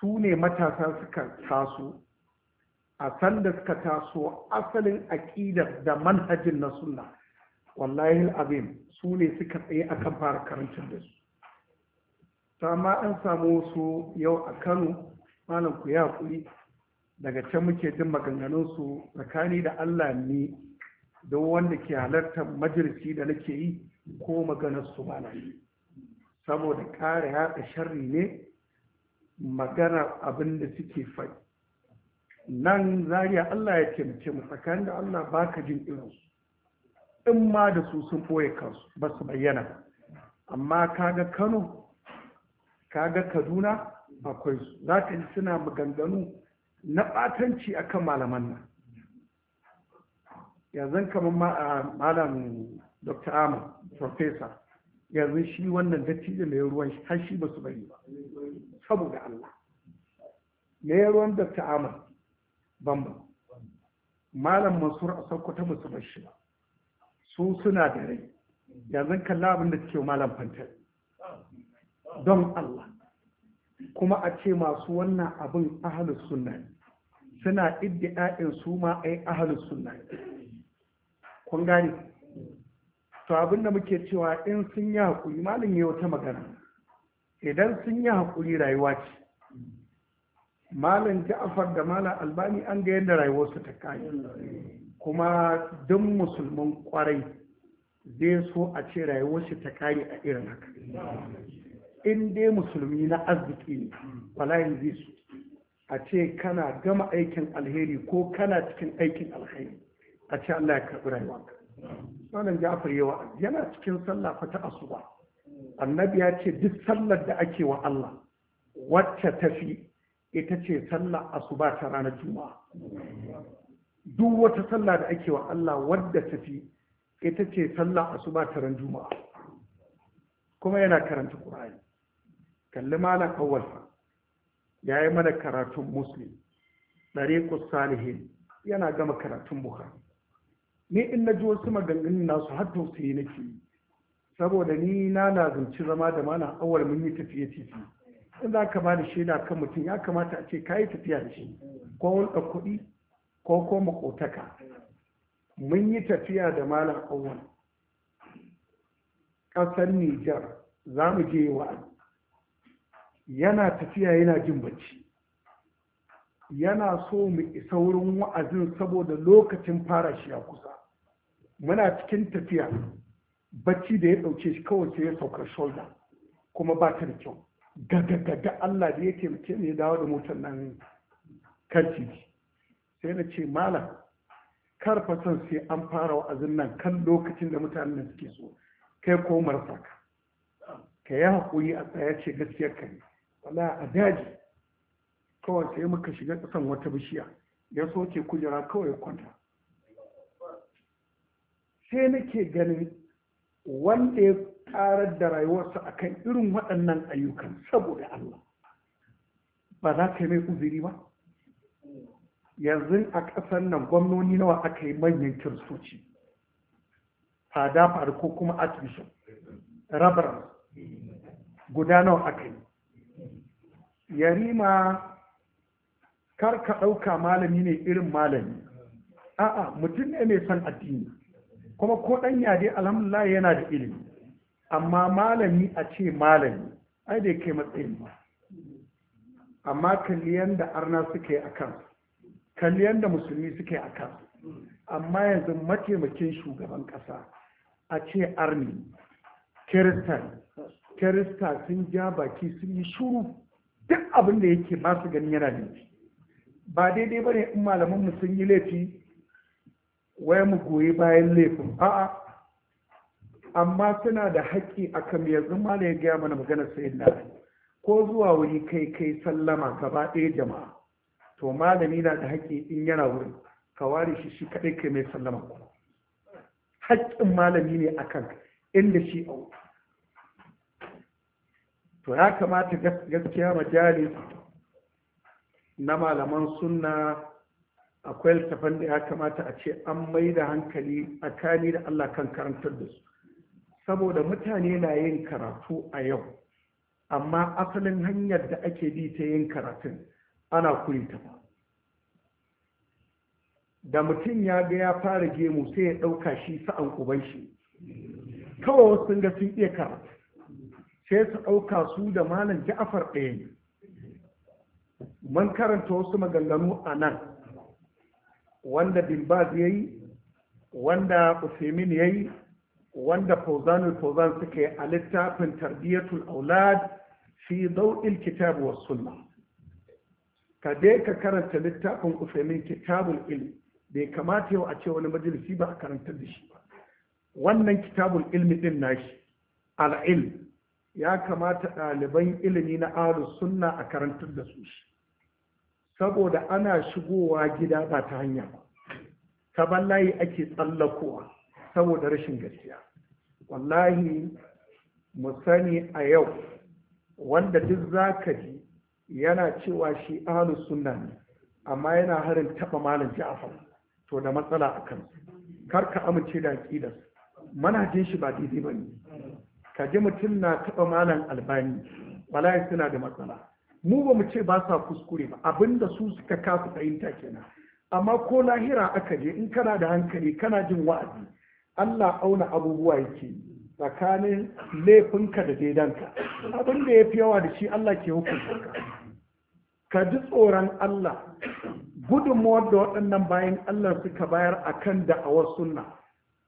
su ne matasa suka taso a sanda suka taso asalin aƙidar da manhajin na sunna wallahi azim su ne suka tsaye akan fara karancin da su ta ma an samu wasu yau a kano malam ku ya daga can muke jin maganganunsu tsakani da allah ne don wanda ke halartar majalisi da nake yi ko maganar su ba saboda kare yaɗa sharri ne magana abin da suke faɗi nan zariya Allah ya taimake mu tsakanin da Allah baka jin irinsu in ma da su sun ɓoye kansu ba su bayyana amma kaga Kano kaga Kaduna akwai su za ka ji suna maganganu na ɓatanci akan malaman nan yanzu kamar malam dr ahmad professor yanzu shi wannan da mai ruwan har shi ba su bari ba saboda allah mai ruwan dr ahmad bamba malam masu a sokoto ba su bar shi ba su suna da rai yanzu kalla abin da suke malam fantar don allah kuma a ce masu wannan abin ahalus sunna ne suna iddi'a'in su ma ai ahalus sunna kun gane to abin da muke cewa in sun yi haƙuri malin ya wata magana idan sun yi hakuri, rayuwa ce malin ja'afar da malam albani an ga yadda rayuwarsu ta kayi kuma duk musulman kwarai zai so a ce rayuwarsu ta kare a irin haka in dai musulmi na arziki ne walayin zai so a ce kana gama aikin alheri ko kana cikin aikin alheri a ce allah ya karɓi rayuwa malam jafar yi wa yana cikin sallah fa ta asuba annabi ya ce duk sallar da ake wa Allah wacce tafi ita ce sallar asuba ta ranar juma'a duk wata sallah da ake wa Allah wadda tafi ita ce sallar asuba ta ran juma'a kuma yana karanta qur'ani kalli malam awwal ya yi mana karatun muslim dariqus salihin yana gama karatun bukhari ni in na ji wasu maganganun nasu har tausayi nake yi saboda ni na lazumci zama da mana awar mun yi tafiye titi. in za ka bada shaida kan mutum ya kamata a ce ka yi tafiya da shi ko hulɗa kuɗi ko ko makotaka mun yi tafiya da malam awar ƙasar nijar za mu je wa yana tafiya yana jin bacci yana so mu isa wurin wa'azin saboda lokacin fara shi ya kusa muna cikin tafiya bacci da ya ɗauke shi kawai sai ya sauka shoulder kuma ba ta da kyau gagagaga Allah da ya taimake mu ya dawo da motar nan kan titi sai na ce malam kar fa son sai an fara wa'azin nan kan lokacin da mutanen nan suke so kai ko marasa ka yi haƙuri a tsaya ce gaskiyar ka ne wala a daji kawai sai muka shiga ƙasan wata bishiya ya soke kujera kawai kwanta sai nake ganin wanda ya karar da rayuwarsa a kan irin waɗannan ayyukan saboda Allah ba za ka yi mai uzuri ba yanzu a ƙasar nan gwamnoni nawa aka yi manyan kiristoci fada farko kuma archbishop rabar guda nawa aka yi yarima kar ka ɗauka malami ne irin malami a'a mutum ne mai son addini kuma ko ɗanya dai alhamdulillah yana da ilimi amma malami a ce malami ai da kai matsayin ba amma kalliyan da arna suke a kan kalliyan da musulmi suke a kan amma yanzu mataimakin shugaban ƙasa a ce arni kirista kirista sun ja baki sun yi shuru duk abin da yake ba su gani yana da ba daidai ba ne in mu sun yi laifi wai mu goyi bayan laifin a'a amma suna da haƙƙi akan yanzu ma ya gaya mana magana, sai na ko zuwa wuri kai kai sallama gaba ɗaya jama'a to malami na da haƙƙi in yana wurin ka ware shi shi kaɗai kai mai sallama kuma haƙƙin malami ne akan inda shi a to ya kamata gaskiya majalis na malaman sunna akwai littafan da ya kamata a ce an mai da hankali kani da Allah kan karantar da su saboda mutane na yin karatu a yau amma asalin hanyar da ake bi ta yin karatun ana ta ba da mutum ya ga ya fara gemu sai ya ɗauka shi sa'an uban shi kawai wasu sun ga sun iya karatu sai su ɗauka su da malam ja'afar ɗaya ne mun karanta wasu maganganu a nan wanda bimbaz ya yi wanda usaimin ya yi wanda fauzanul fauzan suka yi a littafin tarbiyyatul aulad fi zau'il kitab wa sunna ka dai ka karanta littafin usaimin kitabul ilmi. bai kamata yau a ce wani majalisi ba a karantar da shi ba wannan kitabul ilmi din nashi al'ilm ya kamata ɗaliban ilimi na ahlus sunna a karantar da su shi saboda ana shigowa gida ba ta hanya ba ta ballahi ake tsallakowa saboda rashin gaskiya wallahi mu sani a yau wanda duk zaka ji yana cewa shi ahlus sunna ne amma yana harin taba malam Ja'far to da matsala akan kar ka amince da aqidar jin shi ba daidai bane ka ji mutum na taba malam Albani wallahi suna da matsala mu ba mu ce ba sa kuskure ba abinda su suka kasu fahimta kenan amma ko lahira aka je in kana da hankali kana jin wa'azi Allah auna abubuwa yake tsakanin laifinka da daidanka abin da ya fi yawa da shi Allah ke hukunta ka ka ji tsoron Allah gudunmawar da waɗannan bayan Allah suka bayar a kan da'awar sunna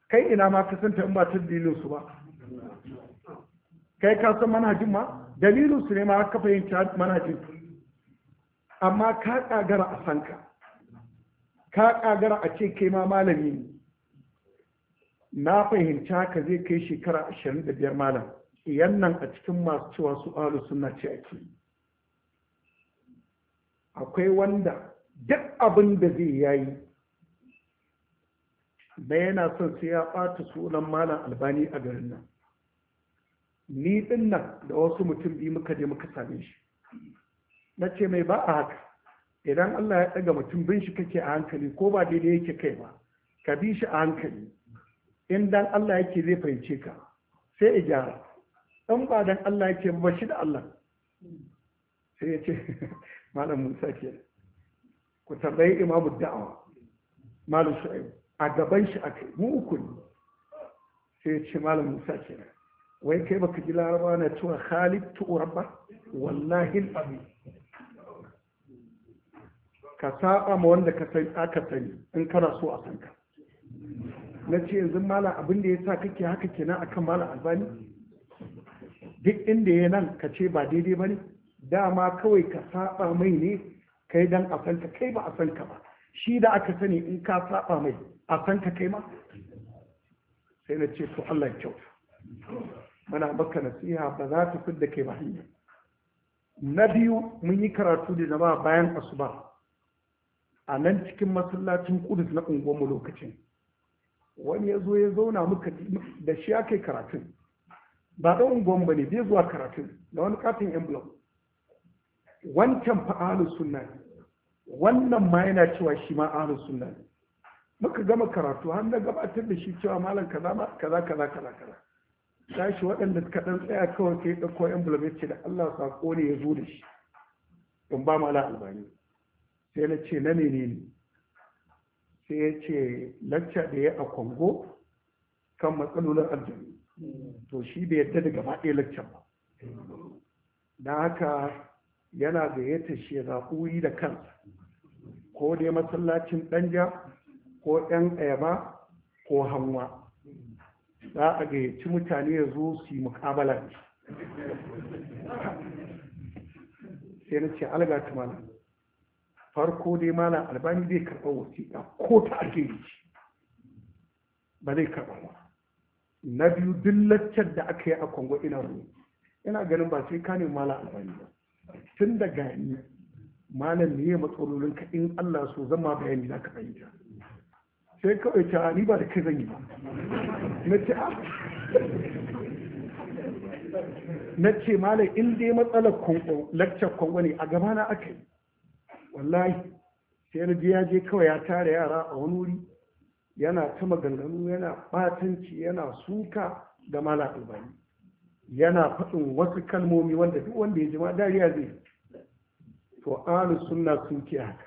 kai ina ma kasanta in ba ta su ba kai ka san manhajin ma dalilin su ne ma fahimta fahimci manhajin amma ka kagara a sanka ka kagara a ce kai ma malami ne na fahimci haka zai kai shekara 25 malam iyan a cikin masu cewa su alu suna ce ake akwai wanda duk abin da zai yayi bayana yana son sai ya ɓata sunan malam albani a garin nan ni din nan da wasu mutum biyu muka je muka same shi na ce mai ba a haka idan Allah ya ɗaga mutum bin shi kake a hankali ko ba daidai yake kai ba ka bi shi a hankali in dan Allah yake zai fahimce ka sai gyara. dan ba dan Allah yake ba shi da Allah sai ya ce malam Musa ke ku tambayi imamu da'awa malam Shu'aib a gaban shi akai mu uku ne sai ya ce malam Musa kenan wai kai baka ji laraba na cewa halittu rabba wallahi abi ka saba ma wanda ka san aka sani in kana so a san ka na ce yanzu mala abin da ya sa kake haka kenan akan mala albani duk inda ya nan ka ce ba daidai ba ne dama kawai ka saba mai ne kai dan a san ka kai ba a san ka ba shi da aka sani in ka saba mai a san ka kai ma sai na ce to Allah ya kyauta muna maka nasiha ba za ta fidda kai ba na biyu mun yi karatu da jama'a bayan asuba a nan cikin masallacin kudus na unguwarmu lokacin wani ya zo ya zauna muka da shi ya kai karatun ba ɗan unguwan ba ne bai zuwa karatun da wani katin emblem wancan fa ahlus sunna ne wannan ma yana cewa shi ma ahlus sunna ne muka gama karatu har na gabatar da shi cewa malam kaza kaza kaza kaza kaza tashi waɗanda kaɗan tsaya kawai sai ɗauko envelope ya ce da Allah sako ne ya zo da shi in ba mala albani sai na ce na ne. sai ya ce lacca da ya a Kongo kan matsalolin aljanu to shi bai yadda da gaba ɗaya laccan ba na haka yana gayyata shi ya zaɓuri da kansa ko dai masallacin ɗanja ko ɗan ayaba ko hanwa za a gayyaci mutane ya zo su yi mukabala ne. sai na ce ta malam farko dai malam albani zai karɓar wasiƙa ko ta ake yi ba zai karɓa ba na biyu duk da aka yi a kwango ina ruwa ina ganin ba sai ka ne malam albani ba tun da gani malam ne ya matsalolinka in allah so zama bayani za ka fahimta sai kawai ta ni ba da kai zan yi ba na ce ah. na ce malam in dai matsalar lakcar kongo ne a gaba na aka yi wallahi sai na ji ya je kawai ya tara yara a wani wuri yana ta maganganu yana batanci yana suka da malam albani yana faɗin wasu kalmomi wanda duk wanda ya jima dariya zai to alu suna sun haka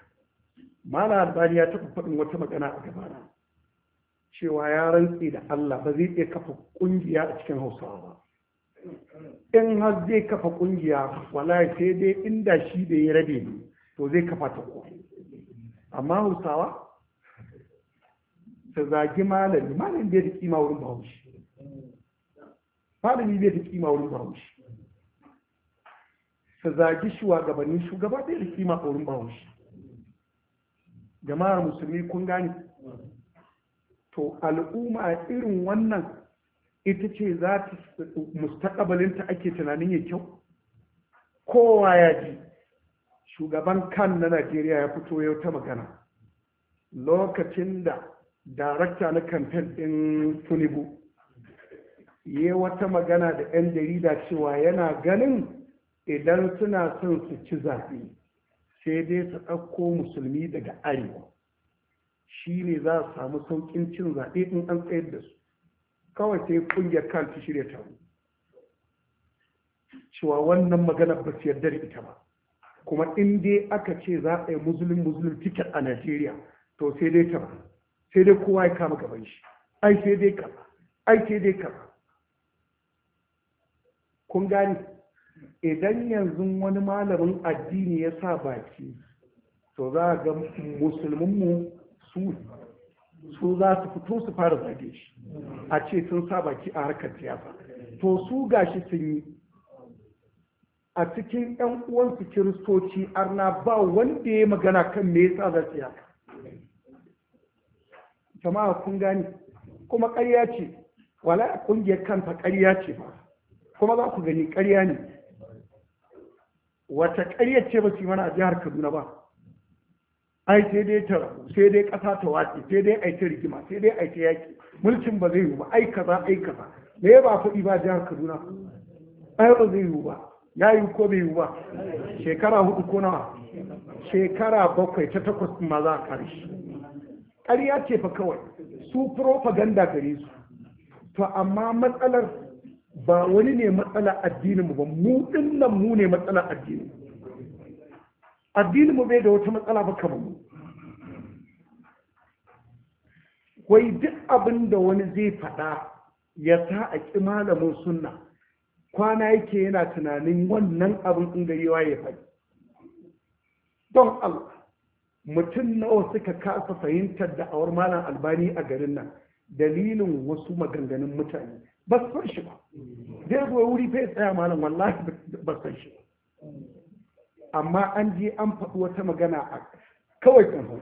mala albani ya taɓa faɗin wata magana a gabana cewa ya rantse da Allah ba zai iya kafa ƙungiya a cikin hausawa ba in har zai kafa ƙungiya wallahi sai dai inda shi da ya rabe to zai kafa ta ko amma hausawa ta zagi malami malami bai da kima wurin bahaushe malami bai da kima wurin bahaushe ta zagi shugabanni shugaba bai da kima wurin bahaushe jama'ar musulmi kun gane to al'umma irin wannan ita ce za ta mustaƙabalinta ake tunanin ya kyau kowa ya ji shugaban kan na najeriya ya fito yau ta magana lokacin da darakta na kamfen ɗin tunibu yi wata magana da 'yan jarida cewa yana ganin idan suna son su ci zafi. sai dai su ɗauko musulmi daga arewa shi ne za su samu sauƙin cin zaɓe in an tsayar da su kawai sai ƙungiyar kan ta shirya taro cewa wannan magana ba su yarda da ita ba kuma in dai aka ce za a yi musulun musulun tiket a najeriya to sai dai ta sai dai kowa ya kama gaban shi ai sai dai kama ai sai dai kama kun gani idan yanzu wani malamin addini ya sa baki to za a ga musulminmu su su za su fito su fara zage shi a ce sun sa baki a harkar siyasa to su gashi sun yi a cikin 'yan uwansu kiristoci arna ba wanda ya magana kan me yasa za su yaka jama'a kun gani kuma ƙarya ce wala ƙungiyar kanta ƙarya ce ba kuma za ku gani ƙarya ne wata ƙaryar ce ba su yi mana a jihar kaduna ba ai sai dai ta rabu sai dai ƙasa ta watsi sai dai ai ta rigima sai dai ai ta yaƙi mulkin ba zai yi ba ai kaza ai kaza me ba kuɗi ba jihar kaduna ai ba zai yi ba ya yi ko bai yi ba shekara hudu ko nawa shekara bakwai ta takwas ma za a shi. ƙarya ce fa kawai su propaganda gare su to amma matsalar ba wani ne matsala addinin mu ba mu dinnan mu ne matsala addinin addinin mu bai da wata matsala ba kamar mu wai duk abin da wani zai faɗa ya sa a ƙi malamin sunna kwana yake yana tunanin wannan abin in gari ya faɗi don Allah mutum nawa suka kasa fahimtar da awar malam albani a garin nan dalilin wasu maganganun mutane ba su san shi ba zai zo wuri fai tsaya malam wallahi ba san shi ba amma an je an faɗi wata magana a kawai kan hau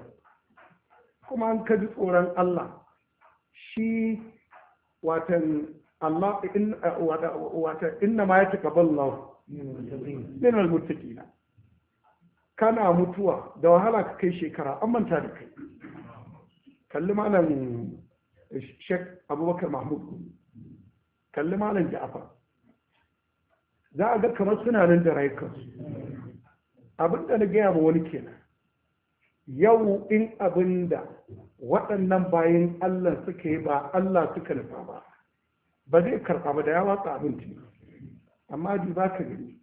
kuma an kaji tsoron Allah shi watan Allah watan inna ma ya taqabbal Allah min al na. kana mutuwa da wahala ka kai shekara an manta da kai kalli malam shek Abubakar Mahmud kalli malam ja'afar za a ga kamar suna nan da rayukansu abin da na gaya ba wani kenan yau in abinda waɗannan bayan allah suka yi ba allah suka nufa ba ba zai karɓa ba da ya watsa abinci amma ji ba ka gani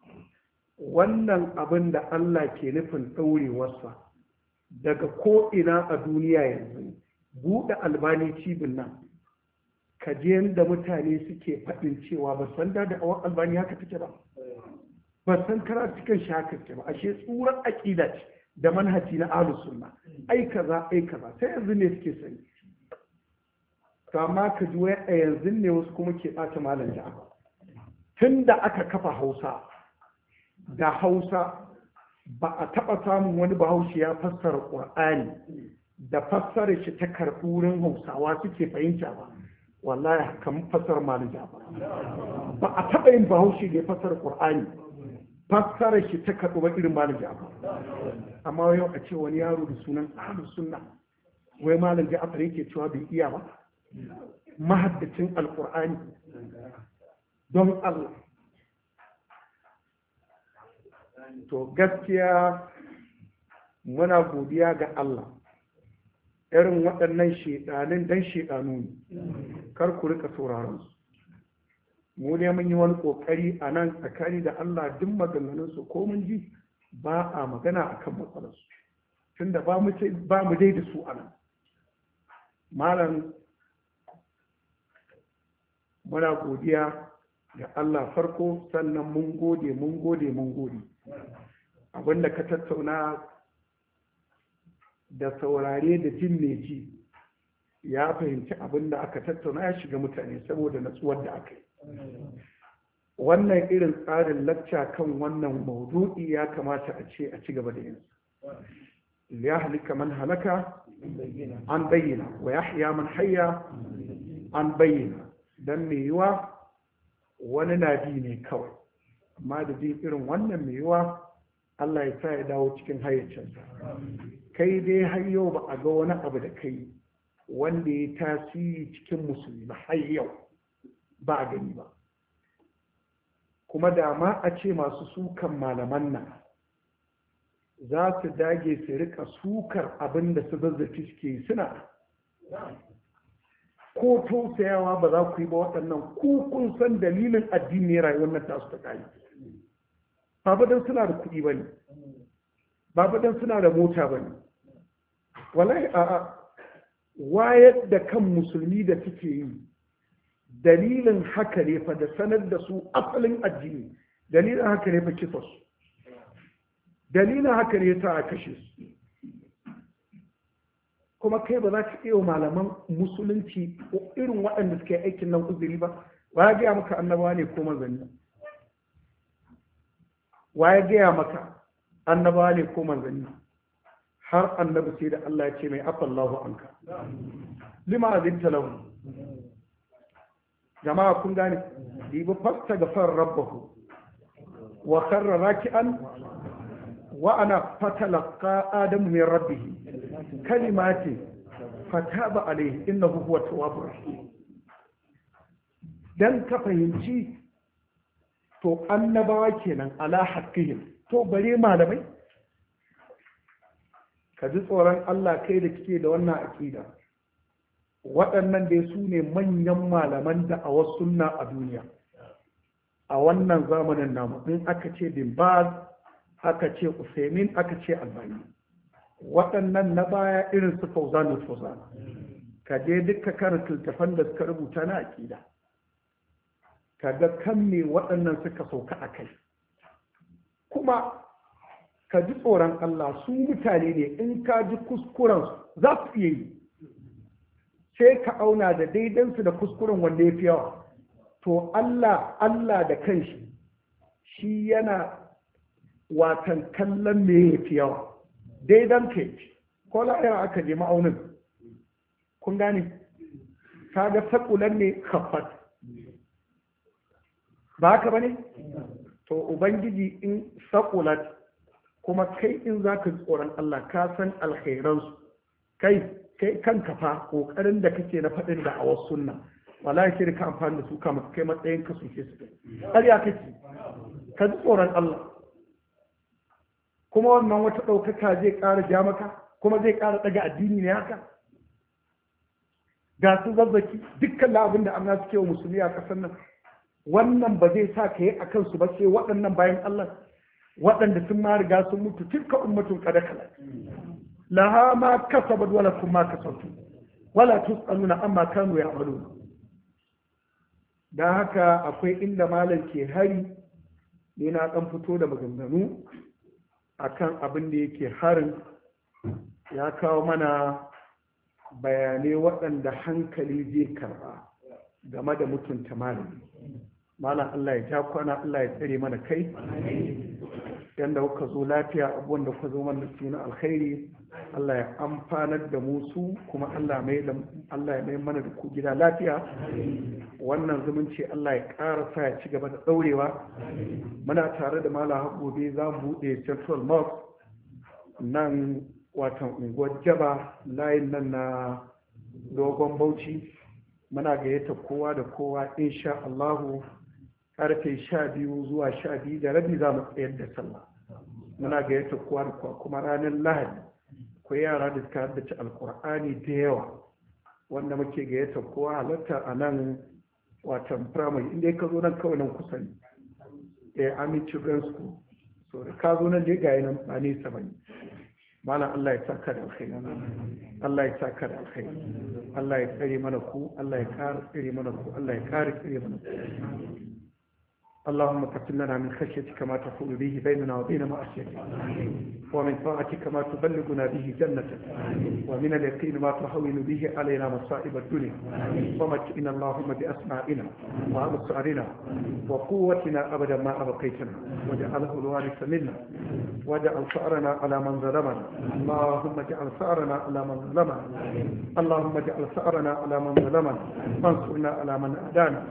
wannan abin da allah ke nufin ɗaurewarsa daga ko'ina a duniya yanzu buɗe albani cibin nan ka je yadda mutane suke faɗin cewa ba san da da awon albani haka take ba ba san karatukan shi haka ba ashe tsuran aƙida ce da manhaji na ahlus sunna ai kaza ai kaza sai yanzu ne suke sani to amma ka ji a yanzu ne wasu kuma ke ɓata malam ja'afa tun da aka kafa hausa da hausa ba a taɓa samun wani bahaushe ya fassara ƙur'ani da fassara shi ta karɓurin hausawa suke fahimta ba wallahi kan fasar malija ba a taɓa yin bahaushe da fasar ƙur'ani fassara shi ta kaɗu ba irin malija ba amma yau a ce wani yaro da sunan ahlus sunna wai malam ja'far yake cewa bai iya ba mahaddacin alƙur'ani don Allah to gaskiya muna godiya ga Allah irin waɗannan shedanin dan shiɗanu ne kar ku rika sauraron su mu ne mun yi wani kokari a nan tsakani da Allah duk maganganun su ko mun ji ba a magana a kan matsalarsu, tunda da ba mu dai da su a nan malam muna godiya da Allah farko sannan mun gode mun gode mun gode abinda ka tattauna da saurare da jin mai ji ya fahimci abin da aka tattauna ya shiga mutane saboda natsuwar da aka yi wannan irin tsarin lacca kan wannan maudu'i ya kamata a ce a ci gaba da yin ya halika man halaka an bayyana wa yahya man hayya an bayyana dan mai yiwa wani na bi ne kawai amma da jin irin wannan mai yiwa Allah ya sa ya dawo cikin hayyacinsa kai dai har yau ba a ga wani abu da kai wanda ya tasiri cikin musulmi har yau ba gani ba kuma da ma a ce masu sukan malaman nan za su dage su rika sukar abin da su zazzafi suke suna ko tausayawa ba za ku yi ba waɗannan kun san dalilin addini rayuwar nan ta su ta kayi ba don suna da kuɗi ba ne ba faɗin suna da mota ba ne wallahi a'a wayar da kan musulmi da suke yi dalilin haka ne fa da sanar da su asalin addini dalilin haka ne fa kisa su dalilin haka ne ta kashe su kuma kai ba za ka iya malaman musulunci ko irin waɗanda suke aikin nan uzuri ba wa gaya maka annabawa ne ko manzanni wa ya gaya maka annaba ne ko manzanni har annabi sai da Allah ya ce mai afallahu anka lima azinta lahu jama'a kun gane dibi fasta gafar rabbahu wa kharra raki'an wa ana fatalaqa adamu min rabbih kalimati fataba alayhi innahu huwa tawwabur rahim dan ka fahimci to annabawa kenan ala haqqihim to bare malamai ka ji tsoron Allah kai da kike da wannan akida waɗannan dai su ne manyan malaman da a wasu sunna a duniya a wannan zamanin namu in aka ce dimbaz aka ce usaimin aka ce albani waɗannan na baya irin su fauzanul fauzan ka je duka kan tiltafan da suka rubuta na akida ka ga kan me waɗannan suka sauka a kai kuma ka ji tsoron Allah su mutane ne in ka ji kuskuren za su iya yi sai ka auna da daidansu da kuskuren wanda ya fi yawa to Allah Allah da kanshi shi yana watan kallon me ya fi yawa daidan ka ko la'ayar aka je ma'aunin kun gane ka ga sakulan ne kafat ba haka ba ne to ubangiji in saƙulat kuma kai in za ka tsoron Allah ka san alkhairansu kai kai kanka fa kokarin da kake na faɗin da a wasu sunna wallahi sai ka amfani da su kama kai matsayin ka ke su ya kake ka tsoron Allah kuma wannan wata ɗaukaka zai ƙara ja maka kuma zai ƙara ɗaga addini ne haka ga su zazzaki dukkan abin da amna suke wa musulmi a ƙasar nan wannan ba zai sa ka yi a kansu ba sai waɗannan bayan Allah waɗanda sun ma riga sun mutu tilka ummatun kada kala laha ma kasabat wala ma kasabtu wala tusaluna amma kanu ya'malun Da haka akwai inda malam ke hari ne na dan fito da maganganu akan abin da yake harin ya kawo mana bayanai waɗanda hankali zai karba game da mutunta malami malam Allah ya ja kwana Allah ya tsare mana kai da kuka zo lafiya abubuwan da kuka zo mana suna alkhairi Allah ya amfanar da musu, su kuma Allah mai Allah ya mai mana da ku gida lafiya wannan zumunci Allah ya ƙara sa ya ci gaba da ɗaurewa muna tare da malam haƙobe za mu buɗe central Mall. nan watan unguwar jaba layin nan na dogon bauchi muna gayyata kowa da kowa insha Allahu karfe sha biyu zuwa sha biyu da rabi za mu tsayar da sallah muna gayyata kowa da kowa kuma ranar lahadi ko yara da suka ci alkur'ani da yawa wanda muke gayyata kowa halatta a nan watan firamare inda ka zo nan kawai nan kusa ne eh amin children school so da ka zo nan dai ga nan ba nesa ba ne malam Allah ya saka da alkhairi Allah ya saka da alkhairi Allah ya tsare mana ku Allah ya kare tsare mana ku Allah ya kare tsare mana ku اللهم تقل لنا من خشيتك ما تحول به بيننا وبين معصيتك ومن طاعتك ما تبلغنا به جنتك ومن اليقين ما تهون به علينا مصائب الدنيا ومتئنا اللهم بأسمائنا وأبصارنا وقوتنا أبدا ما أبقيتنا واجعله الوارث منا واجعل ثأرنا على من ظلمنا اللهم اجعل ثأرنا على من ظلمنا اللهم اجعل ثأرنا على من ظلمنا وانصرنا على من أدانا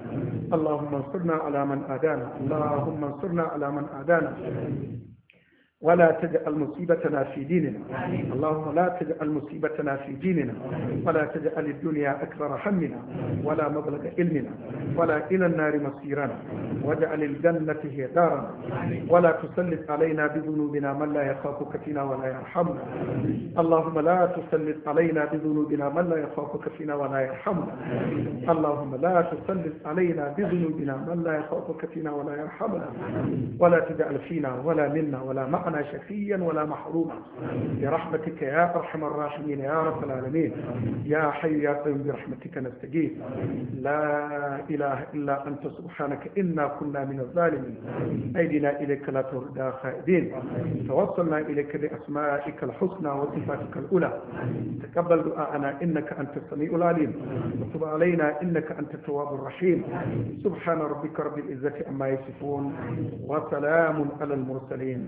اللهم انصرنا على من آدانا اللهم انصرنا على من آدانا ولا تجعل مصيبتنا في ديننا اللهم لا تجعل مصيبتنا في ديننا ولا تجعل الدنيا أكبر همنا ولا مبلغ علمنا ولا إلى النار مصيرنا واجعل الجنة هي دارنا ولا تسلط علينا بذنوبنا من لا يخافك فينا ولا يرحمنا اللهم لا تسلط علينا بذنوبنا من لا يخافك فينا ولا يرحمنا اللهم لا تسلط علينا بذنوبنا من لا يخافك فينا ولا يرحمنا ولا تجعل فينا ولا منا ولا معنا تجعلنا شفيا ولا محروما برحمتك يا أرحم الراحمين يا رب العالمين يا حي يا قيوم برحمتك نستجيب لا إله إلا أنت سبحانك إنا كنا من الظالمين أيدنا إليك لا تردى خائدين توصلنا إليك بأسمائك الحسنى وصفاتك الأولى تقبل دعاءنا إنك أنت السميع العليم وتب علينا إنك أنت التواب الرحيم سبحان ربك رب العزة عما يصفون وسلام على المرسلين